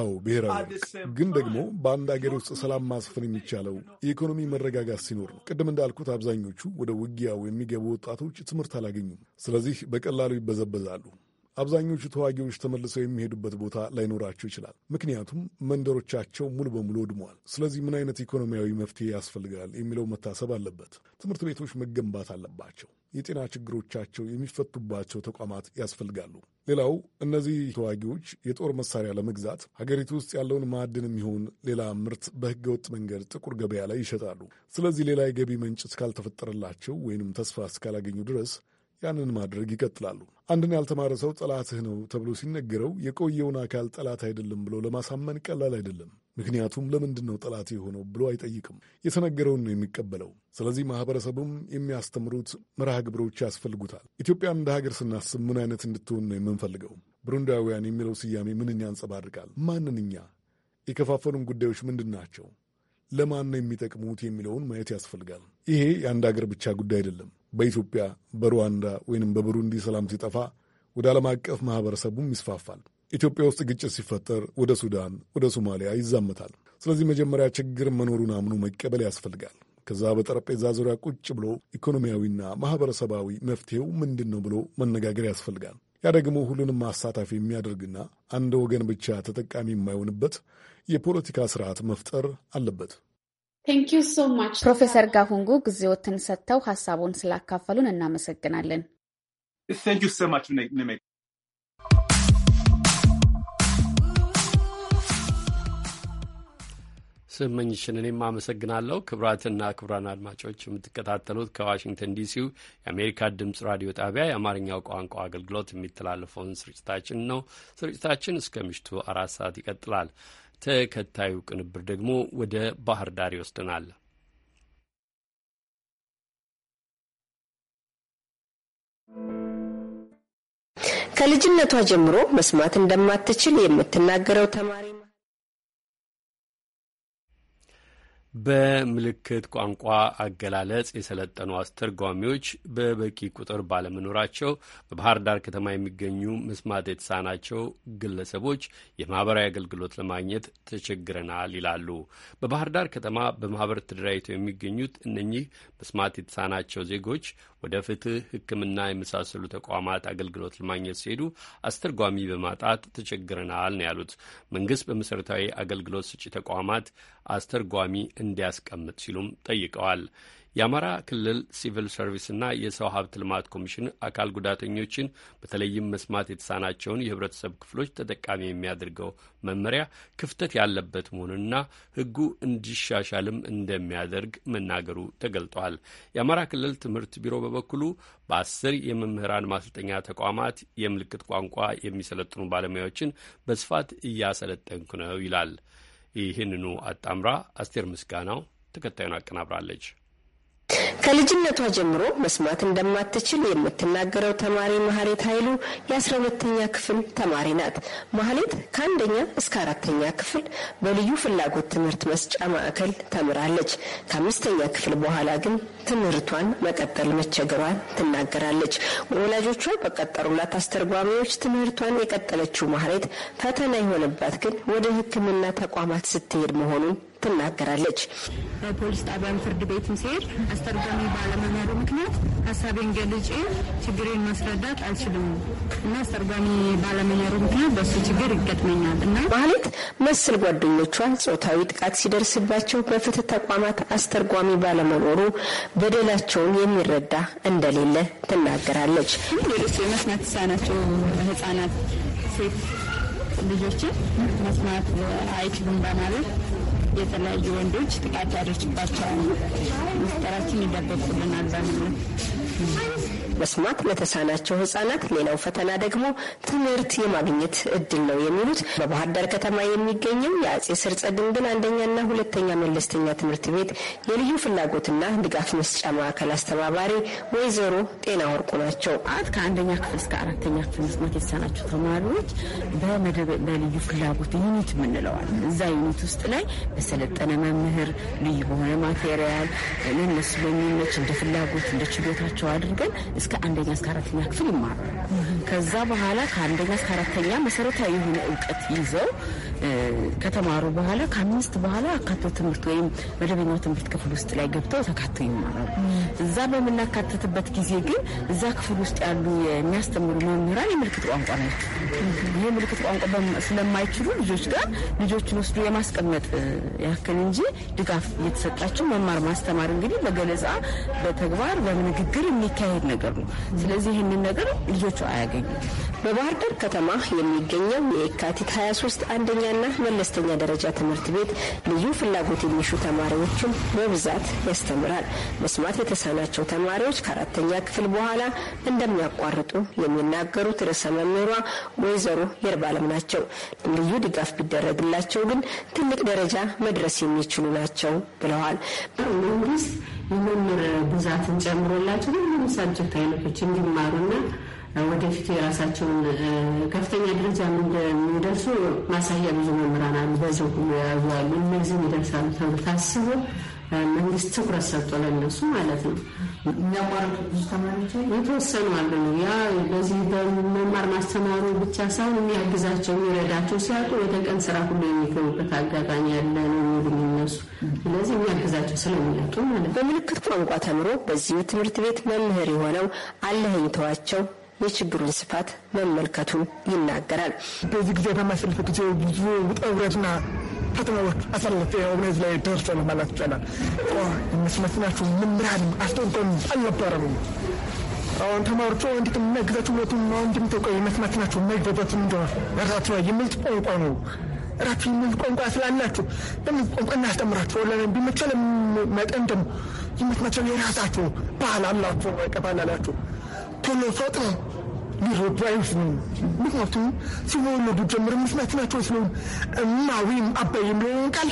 አዎ ብሔራዊ ግን ደግሞ በአንድ ሀገር ውስጥ ሰላም ማስፈን የሚቻለው የኢኮኖሚ መረጋጋት ሲኖር ነው። ቅድም እንዳልኩት አብዛኞቹ ወደ ውጊያው የሚገቡ ወጣቶች ትምህርት አላገኙም። ስለዚህ በቀላሉ ይበዘበዛሉ። አብዛኞቹ ተዋጊዎች ተመልሰው የሚሄዱበት ቦታ ላይኖራቸው ይችላል። ምክንያቱም መንደሮቻቸው ሙሉ በሙሉ ወድመዋል። ስለዚህ ምን አይነት ኢኮኖሚያዊ መፍትሄ ያስፈልጋል የሚለው መታሰብ አለበት። ትምህርት ቤቶች መገንባት አለባቸው። የጤና ችግሮቻቸው የሚፈቱባቸው ተቋማት ያስፈልጋሉ። ሌላው እነዚህ ተዋጊዎች የጦር መሳሪያ ለመግዛት ሀገሪቱ ውስጥ ያለውን ማዕድን የሚሆን ሌላ ምርት በሕገ ወጥ መንገድ ጥቁር ገበያ ላይ ይሸጣሉ። ስለዚህ ሌላ የገቢ ምንጭ እስካልተፈጠረላቸው ወይንም ተስፋ እስካላገኙ ድረስ ያንን ማድረግ ይቀጥላሉ። አንድን ያልተማረ ሰው ጠላትህ ነው ተብሎ ሲነገረው የቆየውን አካል ጠላት አይደለም ብሎ ለማሳመን ቀላል አይደለም። ምክንያቱም ለምንድን ነው ጠላት የሆነው ብሎ አይጠይቅም። የተነገረውን ነው የሚቀበለው። ስለዚህ ማህበረሰቡም የሚያስተምሩት መርሃ ግብሮች ያስፈልጉታል። ኢትዮጵያን እንደ ሀገር ስናስብ ምን አይነት እንድትሆን ነው የምንፈልገው? ብሩንዳውያን የሚለው ስያሜ ምንኛ ያንጸባርቃል? ማንን እኛ የከፋፈሉን ጉዳዮች ምንድን ናቸው? ለማን ነው የሚጠቅሙት የሚለውን ማየት ያስፈልጋል። ይሄ የአንድ ሀገር ብቻ ጉዳይ አይደለም። በኢትዮጵያ በሩዋንዳ ወይንም በብሩንዲ ሰላም ሲጠፋ ወደ ዓለም አቀፍ ማኅበረሰቡም ይስፋፋል። ኢትዮጵያ ውስጥ ግጭት ሲፈጠር ወደ ሱዳን፣ ወደ ሶማሊያ ይዛመታል። ስለዚህ መጀመሪያ ችግር መኖሩን አምኖ መቀበል ያስፈልጋል። ከዛ በጠረጴዛ ዙሪያ ቁጭ ብሎ ኢኮኖሚያዊና ማኅበረሰባዊ መፍትሄው ምንድን ነው ብሎ መነጋገር ያስፈልጋል። ያ ደግሞ ሁሉንም ማሳታፊ የሚያደርግና አንድ ወገን ብቻ ተጠቃሚ የማይሆንበት የፖለቲካ ስርዓት መፍጠር አለበት። ፕሮፌሰር ጋሁንጉ ጊዜዎትን ሰጥተው ሀሳቡን ስላካፈሉን እናመሰግናለን። ስመኝሽን እኔም አመሰግናለሁ። ክብራትና ክብራን አድማጮች የምትከታተሉት ከዋሽንግተን ዲሲው የአሜሪካ ድምጽ ራዲዮ ጣቢያ የአማርኛው ቋንቋ አገልግሎት የሚተላለፈውን ስርጭታችን ነው። ስርጭታችን እስከ ምሽቱ አራት ሰዓት ይቀጥላል። ተከታዩ ቅንብር ደግሞ ወደ ባህር ዳር ይወስደናል። ከልጅነቷ ጀምሮ መስማት እንደማትችል የምትናገረው ተማሪ በምልክት ቋንቋ አገላለጽ የሰለጠኑ አስተርጓሚዎች በበቂ ቁጥር ባለመኖራቸው በባህር ዳር ከተማ የሚገኙ መስማት የተሳናቸው ግለሰቦች የማህበራዊ አገልግሎት ለማግኘት ተቸግረናል ይላሉ። በባህር ዳር ከተማ በማህበር ተደራጅተው የሚገኙት እነኚህ መስማት የተሳናቸው ዜጎች ወደ ፍትህ፣ ሕክምና የመሳሰሉ ተቋማት አገልግሎት ለማግኘት ሲሄዱ አስተርጓሚ በማጣት ተቸግረናል ነው ያሉት። መንግስት በመሠረታዊ አገልግሎት ሰጪ ተቋማት አስተርጓሚ እንዲያስቀምጥ ሲሉም ጠይቀዋል። የአማራ ክልል ሲቪል ሰርቪስና የሰው ሀብት ልማት ኮሚሽን አካል ጉዳተኞችን በተለይም መስማት የተሳናቸውን የህብረተሰብ ክፍሎች ተጠቃሚ የሚያደርገው መመሪያ ክፍተት ያለበት መሆኑንና ሕጉ እንዲሻሻልም እንደሚያደርግ መናገሩ ተገልጧል። የአማራ ክልል ትምህርት ቢሮ በበኩሉ በአስር የመምህራን ማሰልጠኛ ተቋማት የምልክት ቋንቋ የሚሰለጥኑ ባለሙያዎችን በስፋት እያሰለጠንኩ ነው ይላል። ይህንኑ አጣምራ አስቴር ምስጋናው ተከታዩን አቀናብራለች። ከልጅነቷ ጀምሮ መስማት እንደማትችል የምትናገረው ተማሪ ማህሌት ኃይሉ የአስራ ሁለተኛ ክፍል ተማሪ ናት። ማህሌት ከአንደኛ እስከ አራተኛ ክፍል በልዩ ፍላጎት ትምህርት መስጫ ማዕከል ተምራለች። ከአምስተኛ ክፍል በኋላ ግን ትምህርቷን መቀጠል መቸገሯን ትናገራለች። ወላጆቿ በቀጠሩላት አስተርጓሚዎች ትምህርቷን የቀጠለችው ማህሌት ፈተና የሆነባት ግን ወደ ሕክምና ተቋማት ስትሄድ መሆኑን ትናገራለች። በፖሊስ ጣቢያን ፍርድ ቤትም ሲሄድ አስተርጓሚ ባለመኖሩ ምክንያት ሀሳቤን ገልጬ ችግሬን ማስረዳት አልችልም እና አስተርጓሚ ባለመኖሩ ምክንያት በሱ ችግር ይገጥመኛል እና ማለት መሰል ጓደኞቿ ጾታዊ ጥቃት ሲደርስባቸው በፍትህ ተቋማት አስተርጓሚ ባለመኖሩ በደላቸውን የሚረዳ እንደሌለ ትናገራለች። ሌሎች የመስማት ተሳናቸው ህጻናት ሴት ልጆችን መስማት አይችሉም በማለት የተለያዩ ወንዶች ጥቃት ያደርስባቸዋል። ምስጢራችን ይደበቁልናል በሚል መስማት ለተሳናቸው ህጻናት ሌላው ፈተና ደግሞ ትምህርት የማግኘት እድል ነው የሚሉት በባህር ዳር ከተማ የሚገኘው የአጼ ስርጸ ድንግል አንደኛና ሁለተኛ መለስተኛ ትምህርት ቤት የልዩ ፍላጎትና ድጋፍ መስጫ ማዕከል አስተባባሪ ወይዘሮ ጤና ወርቁ ናቸው። አት ከአንደኛ ክፍል እስከ አራተኛ ክፍል መስማት የተሳናቸው ተማሪዎች በልዩ ፍላጎት ዩኒት የምንለዋል እዛ ዩኒት ውስጥ ላይ በሰለጠነ መምህር ልዩ በሆነ ማቴሪያል ለነሱ በሚመች እንደ ፍላጎት እንደ ችሎታቸው አድርገን እስከ አንደኛ እስከ አራተኛ ክፍል ይማራል። ከዛ በኋላ ከአንደኛ እስከ አራተኛ መሰረታዊ የሆነ እውቀት ይዘው ከተማሩ በኋላ ከአምስት በኋላ አካቶ ትምህርት ወይም መደበኛው ትምህርት ክፍል ውስጥ ላይ ገብተው ተካቶ ይማራሉ። እዛ በምናካተትበት ጊዜ ግን እዛ ክፍል ውስጥ ያሉ የሚያስተምሩ መምህራን የምልክት ቋንቋ ነው። ይህ ምልክት ቋንቋ ስለማይችሉ ልጆች ጋር ልጆችን ወስዶ የማስቀመጥ ያክል እንጂ ድጋፍ እየተሰጣቸው መማር ማስተማር እንግዲህ በገለጻ በተግባር በንግግር የሚካሄድ ነገር ነው። ስለዚህ ይህንን ነገር ልጆቹ አያገኙም። በባህር ዳር ከተማ የሚገኘው የካቲት 23 አንደኛ መደበኛና መለስተኛ ደረጃ ትምህርት ቤት ልዩ ፍላጎት የሚሹ ተማሪዎችን በብዛት ያስተምራል። መስማት የተሳናቸው ተማሪዎች ከአራተኛ ክፍል በኋላ እንደሚያቋርጡ የሚናገሩት ርዕሰ መምህሯ ወይዘሮ የርባለም ናቸው። ልዩ ድጋፍ ቢደረግላቸው ግን ትልቅ ደረጃ መድረስ የሚችሉ ናቸው ብለዋል። መንግስት የመምህር ብዛትን ጨምሮላቸው ሁሉም ሳብጀክት አይነቶች እንዲማሩና ወደፊት የራሳቸውን ከፍተኛ ደረጃ እንደሚደርሱ ማሳያ ብዙ መምህራን አሉ። በዚሁ የያዙ አሉ። እነዚህም ይደርሳሉ ተብሎ ታስቦ መንግስት ትኩረት ሰጥቶ ለነሱ ማለት ነው። የሚያቋርጡ ብዙ ተማሪዎች የተወሰኑ አሉ ያ በዚህ በመማር ማስተማሩ ብቻ ሳይሆን የሚያግዛቸው የሚረዳቸው ሲያጡ ወደ ቀን ስራ ሁሉ የሚገቡበት አጋጣሚ ያለ ነው የሚሉ የሚነሱ ስለዚህ የሚያግዛቸው ስለሚያጡ ማለት ነው። በምልክት ቋንቋ ተምሮ በዚሁ ትምህርት ቤት መምህር የሆነው አለኸኝ ተዋቸው የችግሩን ስፋት መመልከቱን ይናገራል። በዚህ ጊዜ በማሳለፈ ጊዜ ብዙ ውጣ ውረድና ፈተናዎች አሳልፌ እውነት ላይ ደርሰን ማለት ይቻላል። መስመስናችሁ ምን ያህል አልነበረም። አሁን ተማሪዎቹ እንዴት መግዛት ሁለቱ ነው እንደምታውቀው ናቸው መግዛት እንደሆነ ራሱ የሚል ቋንቋ ነው። ራሱ የሚል ቋንቋ ስላላችሁ በምን ቋንቋ እናስተምራችሁ ለምን ቢመቻል መጠን ደግሞ የምትመቸው የራሳችሁ ባህል አላችሁ ቀባላላችሁ ቶሎ ፈጥነው ሊረዱ አይወስኑም። ምክንያቱም ሲወለዱ ጀምር ምክንያት ናቸው ስለሆን እማዊም አባይ የሚለውን ቃል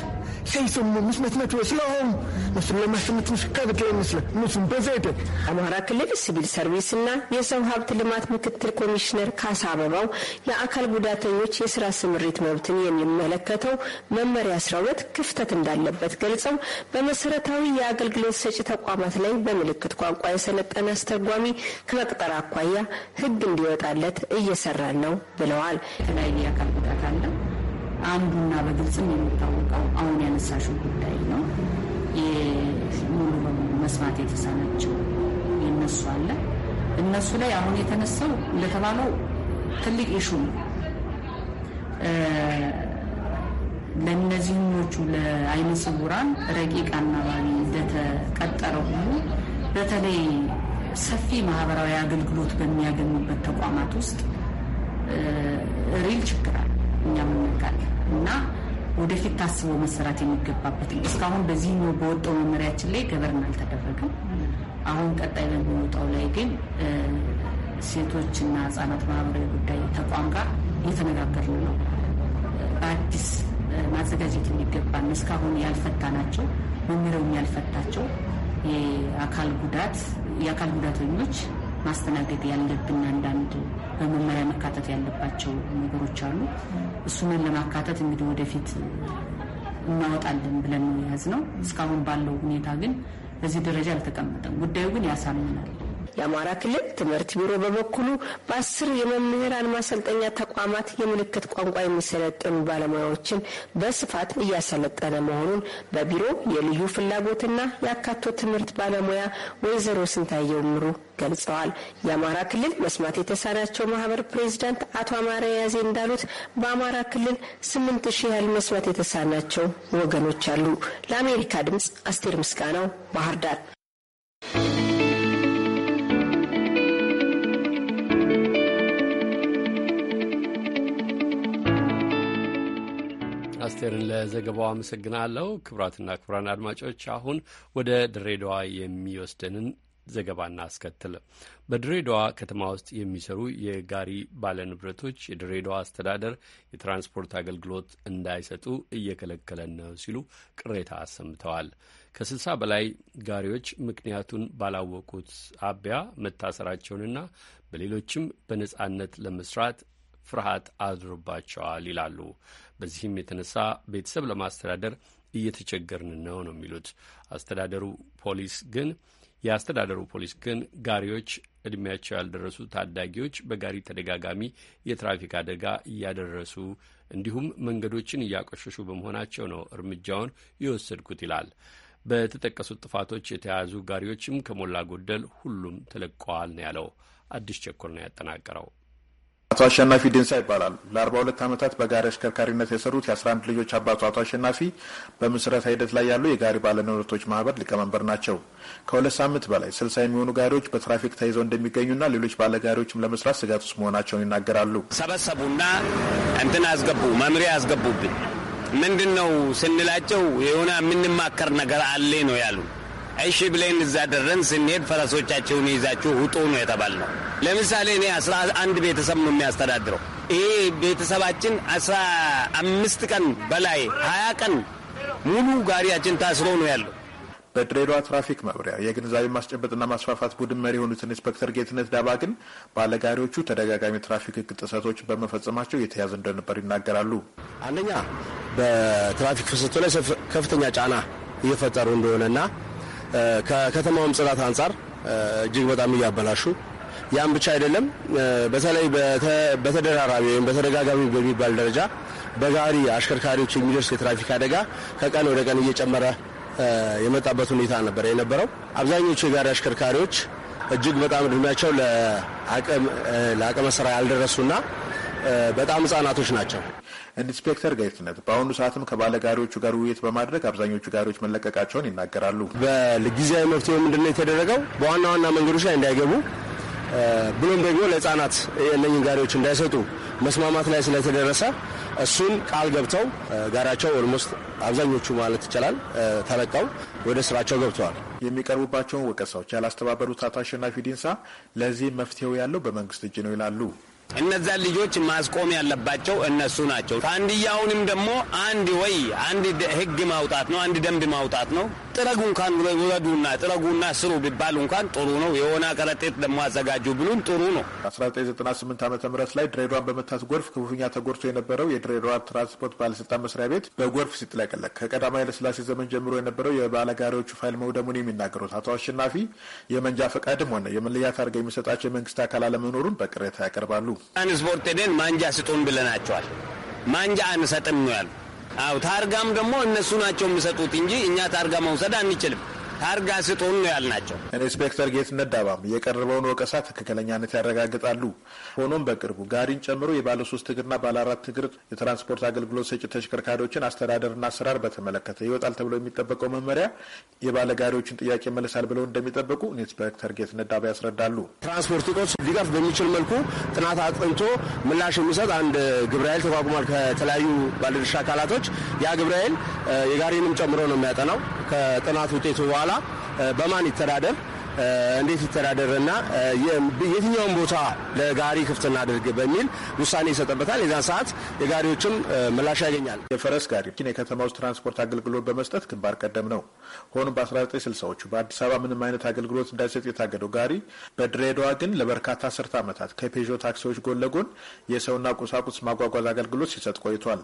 አማራ ክልል ሲቪል ሰርቪስና የሰው ሀብት ልማት ምክትል ኮሚሽነር ካሳ አበባው የአካል ጉዳተኞች የስራ ስምሪት መብትን የሚመለከተው መመሪያ አስራ ሁለት ክፍተት እንዳለበት ገልጸው በመሰረታዊ የአገልግሎት ሰጪ ተቋማት ላይ በምልክት ቋንቋ የሰለጠነ አስተርጓሚ ከመቅጠር አኳያ ህግ እንዲወጣለት እየሰራን ነው ብለዋል። ተለያየ አካል ጉዳት አለው አንዱና በግልጽም የሚታወቀው አሁን ያነሳሽው ጉዳይ ነው። ሙሉ በሙሉ መስማት የተሳናቸው የነሱ አለ። እነሱ ላይ አሁን የተነሳው እንደተባለው ትልቅ ኢሹ ነው። ለእነዚህኞቹ ለአይነ ስውራን ረቂቅ አናባቢ እንደተቀጠረ ሁሉ በተለይ ሰፊ ማህበራዊ አገልግሎት በሚያገኙበት ተቋማት ውስጥ ሪል ችግር አለ። እናመለካለን እና ወደፊት ታስቦ መሰራት የሚገባበት ነው። እስካሁን በዚህ ነው በወጣው መመሪያችን ላይ ገበርን አልተደረገም። አሁን ቀጣይ በሚወጣው ላይ ግን ሴቶችና ህጻናት ማህበራዊ ጉዳይ ተቋም ጋር እየተነጋገርን ነው። በአዲስ ማዘጋጀት የሚገባን እስካሁን ያልፈታናቸው መመሪያውም ያልፈታቸው የአካል ጉዳት የአካል ጉዳተኞች ማስተናገድ ያለብን አንዳንድ በመመሪያ መካተት ያለባቸው ነገሮች አሉ። እሱንን ለማካተት እንግዲህ ወደፊት እናወጣለን ብለን ነው የያዝነው። እስካሁን ባለው ሁኔታ ግን በዚህ ደረጃ አልተቀመጠም። ጉዳዩ ግን ያሳምናል። የአማራ ክልል ትምህርት ቢሮ በበኩሉ በአስር የመምህራን ማሰልጠኛ ተቋማት የምልክት ቋንቋ የሚሰለጥኑ ባለሙያዎችን በስፋት እያሰለጠነ መሆኑን በቢሮ የልዩ ፍላጎትና የአካቶ ትምህርት ባለሙያ ወይዘሮ ስንታየው ምሩ ገልጸዋል። የአማራ ክልል መስማት የተሳናቸው ማህበር ፕሬዚዳንት አቶ አማረ ያዜ እንዳሉት በአማራ ክልል ስምንት ሺህ ያህል መስማት የተሳናቸው ወገኖች አሉ። ለአሜሪካ ድምጽ አስቴር ምስጋናው ባህር ዳር። አስቴርን ለዘገባው አመሰግናለሁ። ክቡራትና ክቡራን አድማጮች አሁን ወደ ድሬዳዋ የሚወስደንን ዘገባ እናስከትል። በድሬዳዋ ከተማ ውስጥ የሚሰሩ የጋሪ ባለንብረቶች የድሬዳዋ አስተዳደር የትራንስፖርት አገልግሎት እንዳይሰጡ እየከለከለን ነው ሲሉ ቅሬታ አሰምተዋል። ከስልሳ በላይ ጋሪዎች ምክንያቱን ባላወቁት አቢያ መታሰራቸውንና በሌሎችም በነጻነት ለመስራት ፍርሃት አድሮባቸዋል ይላሉ። በዚህም የተነሳ ቤተሰብ ለማስተዳደር እየተቸገርን ነው ነው የሚሉት አስተዳደሩ ፖሊስ ግን የአስተዳደሩ ፖሊስ ግን ጋሪዎች እድሜያቸው ያልደረሱ ታዳጊዎች በጋሪ ተደጋጋሚ የትራፊክ አደጋ እያደረሱ እንዲሁም መንገዶችን እያቆሸሹ በመሆናቸው ነው እርምጃውን የወሰድኩት ይላል። በተጠቀሱት ጥፋቶች የተያዙ ጋሪዎችም ከሞላ ጎደል ሁሉም ተለቀዋል ነው ያለው። አዲስ ቸኮል ነው ያጠናቀረው። አቶ አሸናፊ ድንሳ ይባላሉ። ለአርባ ሁለት ዓመታት በጋሪ አሽከርካሪነት የሰሩት የአስራ አንድ ልጆች አባቱ አቶ አሸናፊ በምስረታ ሂደት ላይ ያሉ የጋሪ ባለንብረቶች ማህበር ሊቀመንበር ናቸው። ከሁለት ሳምንት በላይ ስልሳ የሚሆኑ ጋሪዎች በትራፊክ ተይዘው እንደሚገኙና ሌሎች ባለጋሪዎችም ለመስራት ስጋት ውስጥ መሆናቸውን ይናገራሉ። ሰበሰቡና እንትን አስገቡ፣ መምሪያ አስገቡብን። ምንድን ነው ስንላቸው የሆነ የምንማከር ነገር አለ ነው ያሉ እሺ ብለን እዛ ደረን ስንሄድ ፈረሶቻቸውን ይዛችሁ ውጡ ነው የተባልነው። ለምሳሌ እኔ አስራ አንድ ቤተሰብ ነው የሚያስተዳድረው። ይሄ ቤተሰባችን አስራ አምስት ቀን በላይ ሀያ ቀን ሙሉ ጋሪያችን ታስሮ ነው ያለው። በድሬዳዋ ትራፊክ መምሪያ የግንዛቤ ማስጨበጥና ማስፋፋት ቡድን መሪ የሆኑትን ኢንስፔክተር ጌትነት ዳባ ግን ባለጋሪዎቹ ተደጋጋሚ ትራፊክ ሕግ ጥሰቶች በመፈጸማቸው የተያዘ እንደነበር ይናገራሉ። አንደኛ በትራፊክ ፍሰቱ ላይ ከፍተኛ ጫና እየፈጠሩ እንደሆነና ከከተማውም ጽዳት አንጻር እጅግ በጣም እያበላሹ ያም ብቻ አይደለም። በተለይ በተደራራቢ ወይም በተደጋጋሚ በሚባል ደረጃ በጋሪ አሽከርካሪዎች የሚደርስ የትራፊክ አደጋ ከቀን ወደ ቀን እየጨመረ የመጣበት ሁኔታ ነበር የነበረው። አብዛኞቹ የጋሪ አሽከርካሪዎች እጅግ በጣም እድሜያቸው ለአቅመ ስራ ያልደረሱና በጣም ህጻናቶች ናቸው። ኢንስፔክተር ጋይትነት በአሁኑ ሰዓትም ከባለጋሪዎቹ ጋር ውይይት በማድረግ አብዛኞቹ ጋሪዎች መለቀቃቸውን ይናገራሉ። በጊዜያዊ መፍትሄ ምንድነው የተደረገው? በዋና ዋና መንገዶች ላይ እንዳይገቡ ብሎም ደግሞ ለህጻናት እነኝን ጋሪዎች እንዳይሰጡ መስማማት ላይ ስለተደረሰ እሱን ቃል ገብተው ጋራቸው ኦልሞስት አብዛኞቹ ማለት ይቻላል ተለቀው ወደ ስራቸው ገብተዋል። የሚቀርቡባቸውን ወቀሳዎች ያላስተባበሩት አቶ አሸናፊ ዲንሳ ለዚህም መፍትሄው ያለው በመንግስት እጅ ነው ይላሉ። እነዛን ልጆች ማስቆም ያለባቸው እነሱ ናቸው። ፋንድያውንም ደግሞ አንድ ወይ አንድ ህግ ማውጣት ነው፣ አንድ ደንብ ማውጣት ነው። ጥረጉ እንኳን ውረዱና ጥረጉና ስሩ ቢባሉ እንኳን ጥሩ ነው። የሆነ ከረጢት ደግሞ አዘጋጁ ብሉን ጥሩ ነው በ1998 ዓ ም ላይ ድሬዳዋን በመታት ጎርፍ ክፉኛ ተጎድቶ የነበረው የድሬዳዋ ትራንስፖርት ባለስልጣን መስሪያ ቤት በጎርፍ ሲጥለቀለቅ ከቀዳማዊ ኃይለሥላሴ ዘመን ጀምሮ የነበረው የባለጋሪዎቹ ፋይል መውደሙን የሚናገሩት አቶ አሸናፊ የመንጃ ፈቃድም ሆነ የመለያ ታርጋ የሚሰጣቸው የመንግስት አካል አለመኖሩን በቅሬታ ያቀርባሉ። ትራንስፖርት ሄደን ማንጃ ስጡን ብለናቸዋል። ማንጃ አንሰጥም ነው ያሉ። አዎ ታርጋም ደግሞ እነሱ ናቸው የሚሰጡት እንጂ እኛ ታርጋ መውሰድ አንችልም። ታርጋ ስጡን ነው ያልናቸው። ኢንስፔክተር ጌትነት ዳባም የቀረበውን ወቀሳ ትክክለኛነት ያረጋግጣሉ። ሆኖም በቅርቡ ጋሪን ጨምሮ የባለሶስት እግርና ባለአራት እግር የትራንስፖርት አገልግሎት ሰጪ ተሽከርካሪዎችን አስተዳደርና አሰራር በተመለከተ ይወጣል ተብሎ የሚጠበቀው መመሪያ የባለጋሪዎችን ጥያቄ መልሳል ብለው እንደሚጠብቁ ኢንስፔክተር ጌትነት ዳባ ያስረዳሉ። ትራንስፖርት ጦች ሊቀርፍ በሚችል መልኩ ጥናት አጥንቶ ምላሽ የሚሰጥ አንድ ግብረ ኃይል ተቋቁሟል ከተለያዩ ባለድርሻ አካላቶች። ያ ግብረ ኃይል የጋሪንም ጨምሮ ነው የሚያጠናው ከጥናት ውጤቱ በኋላ በማን ይተዳደር እንዴት ይተዳደርና የትኛውን ቦታ ለጋሪ ክፍት እናድርግ በሚል ውሳኔ ይሰጥበታል። የዛን ሰዓት የጋሪዎችም ምላሽ ያገኛል። የፈረስ ጋሪ የከተማ ውስጥ ትራንስፖርት አገልግሎት በመስጠት ግንባር ቀደም ነው። ሆኖም በ1960ዎቹ በአዲስ አበባ ምንም አይነት አገልግሎት እንዳይሰጥ የታገደው ጋሪ በድሬዳዋ ግን ለበርካታ አስርተ ዓመታት ከፔዦ ታክሲዎች ጎን ለጎን የሰውና ቁሳቁስ ማጓጓዝ አገልግሎት ሲሰጥ ቆይቷል።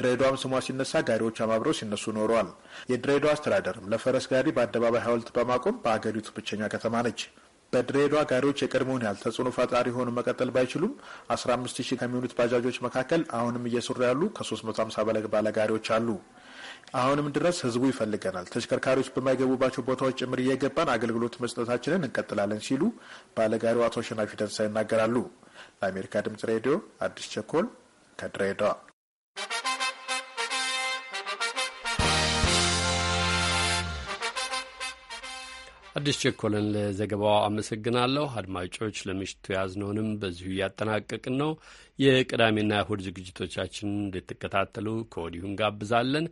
ድሬዳዋም ስሟ ሲነሳ ጋሪዎች አማብረው ሲነሱ ኖረዋል። የድሬዳዋ አስተዳደርም ለፈረስ ጋሪ በአደባባይ ሐውልት በማቆም በአገሪቱ ብቸኛ ከተማ ነች። በድሬዳዋ ጋሪዎች የቀድሞውን ያህል ተጽዕኖ ፈጣሪ የሆኑ መቀጠል ባይችሉም 15 ሺህ ከሚሆኑት ባጃጆች መካከል አሁንም እየሰሩ ያሉ ከ350 በላይ ባለጋሪዎች አሉ። አሁንም ድረስ ህዝቡ ይፈልገናል፣ ተሽከርካሪዎች በማይገቡባቸው ቦታዎች ጭምር እየገባን አገልግሎት መስጠታችንን እንቀጥላለን ሲሉ ባለጋሪው አቶ አሸናፊ ደንሳ ይናገራሉ። ለአሜሪካ ድምጽ ሬዲዮ አዲስ ቸኮል ከድሬዳዋ አዲስ ቸኮልን ለዘገባው አመሰግናለሁ። አድማጮች ለምሽቱ ያዝነውንም በዚሁ እያጠናቀቅን ነው። የቅዳሜና እሁድ ዝግጅቶቻችንን እንድትከታተሉ ከወዲሁ እንጋብዛለን።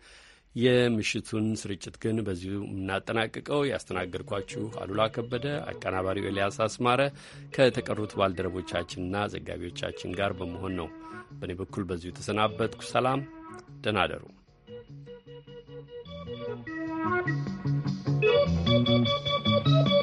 የምሽቱን ስርጭት ግን በዚሁ የምናጠናቅቀው ያስተናገድኳችሁ አሉላ ከበደ፣ አቀናባሪው ኤልያስ አስማረ ከተቀሩት ባልደረቦቻችንና ዘጋቢዎቻችን ጋር በመሆን ነው። በእኔ በኩል በዚሁ ተሰናበትኩ። ሰላም፣ ደህና አደሩ።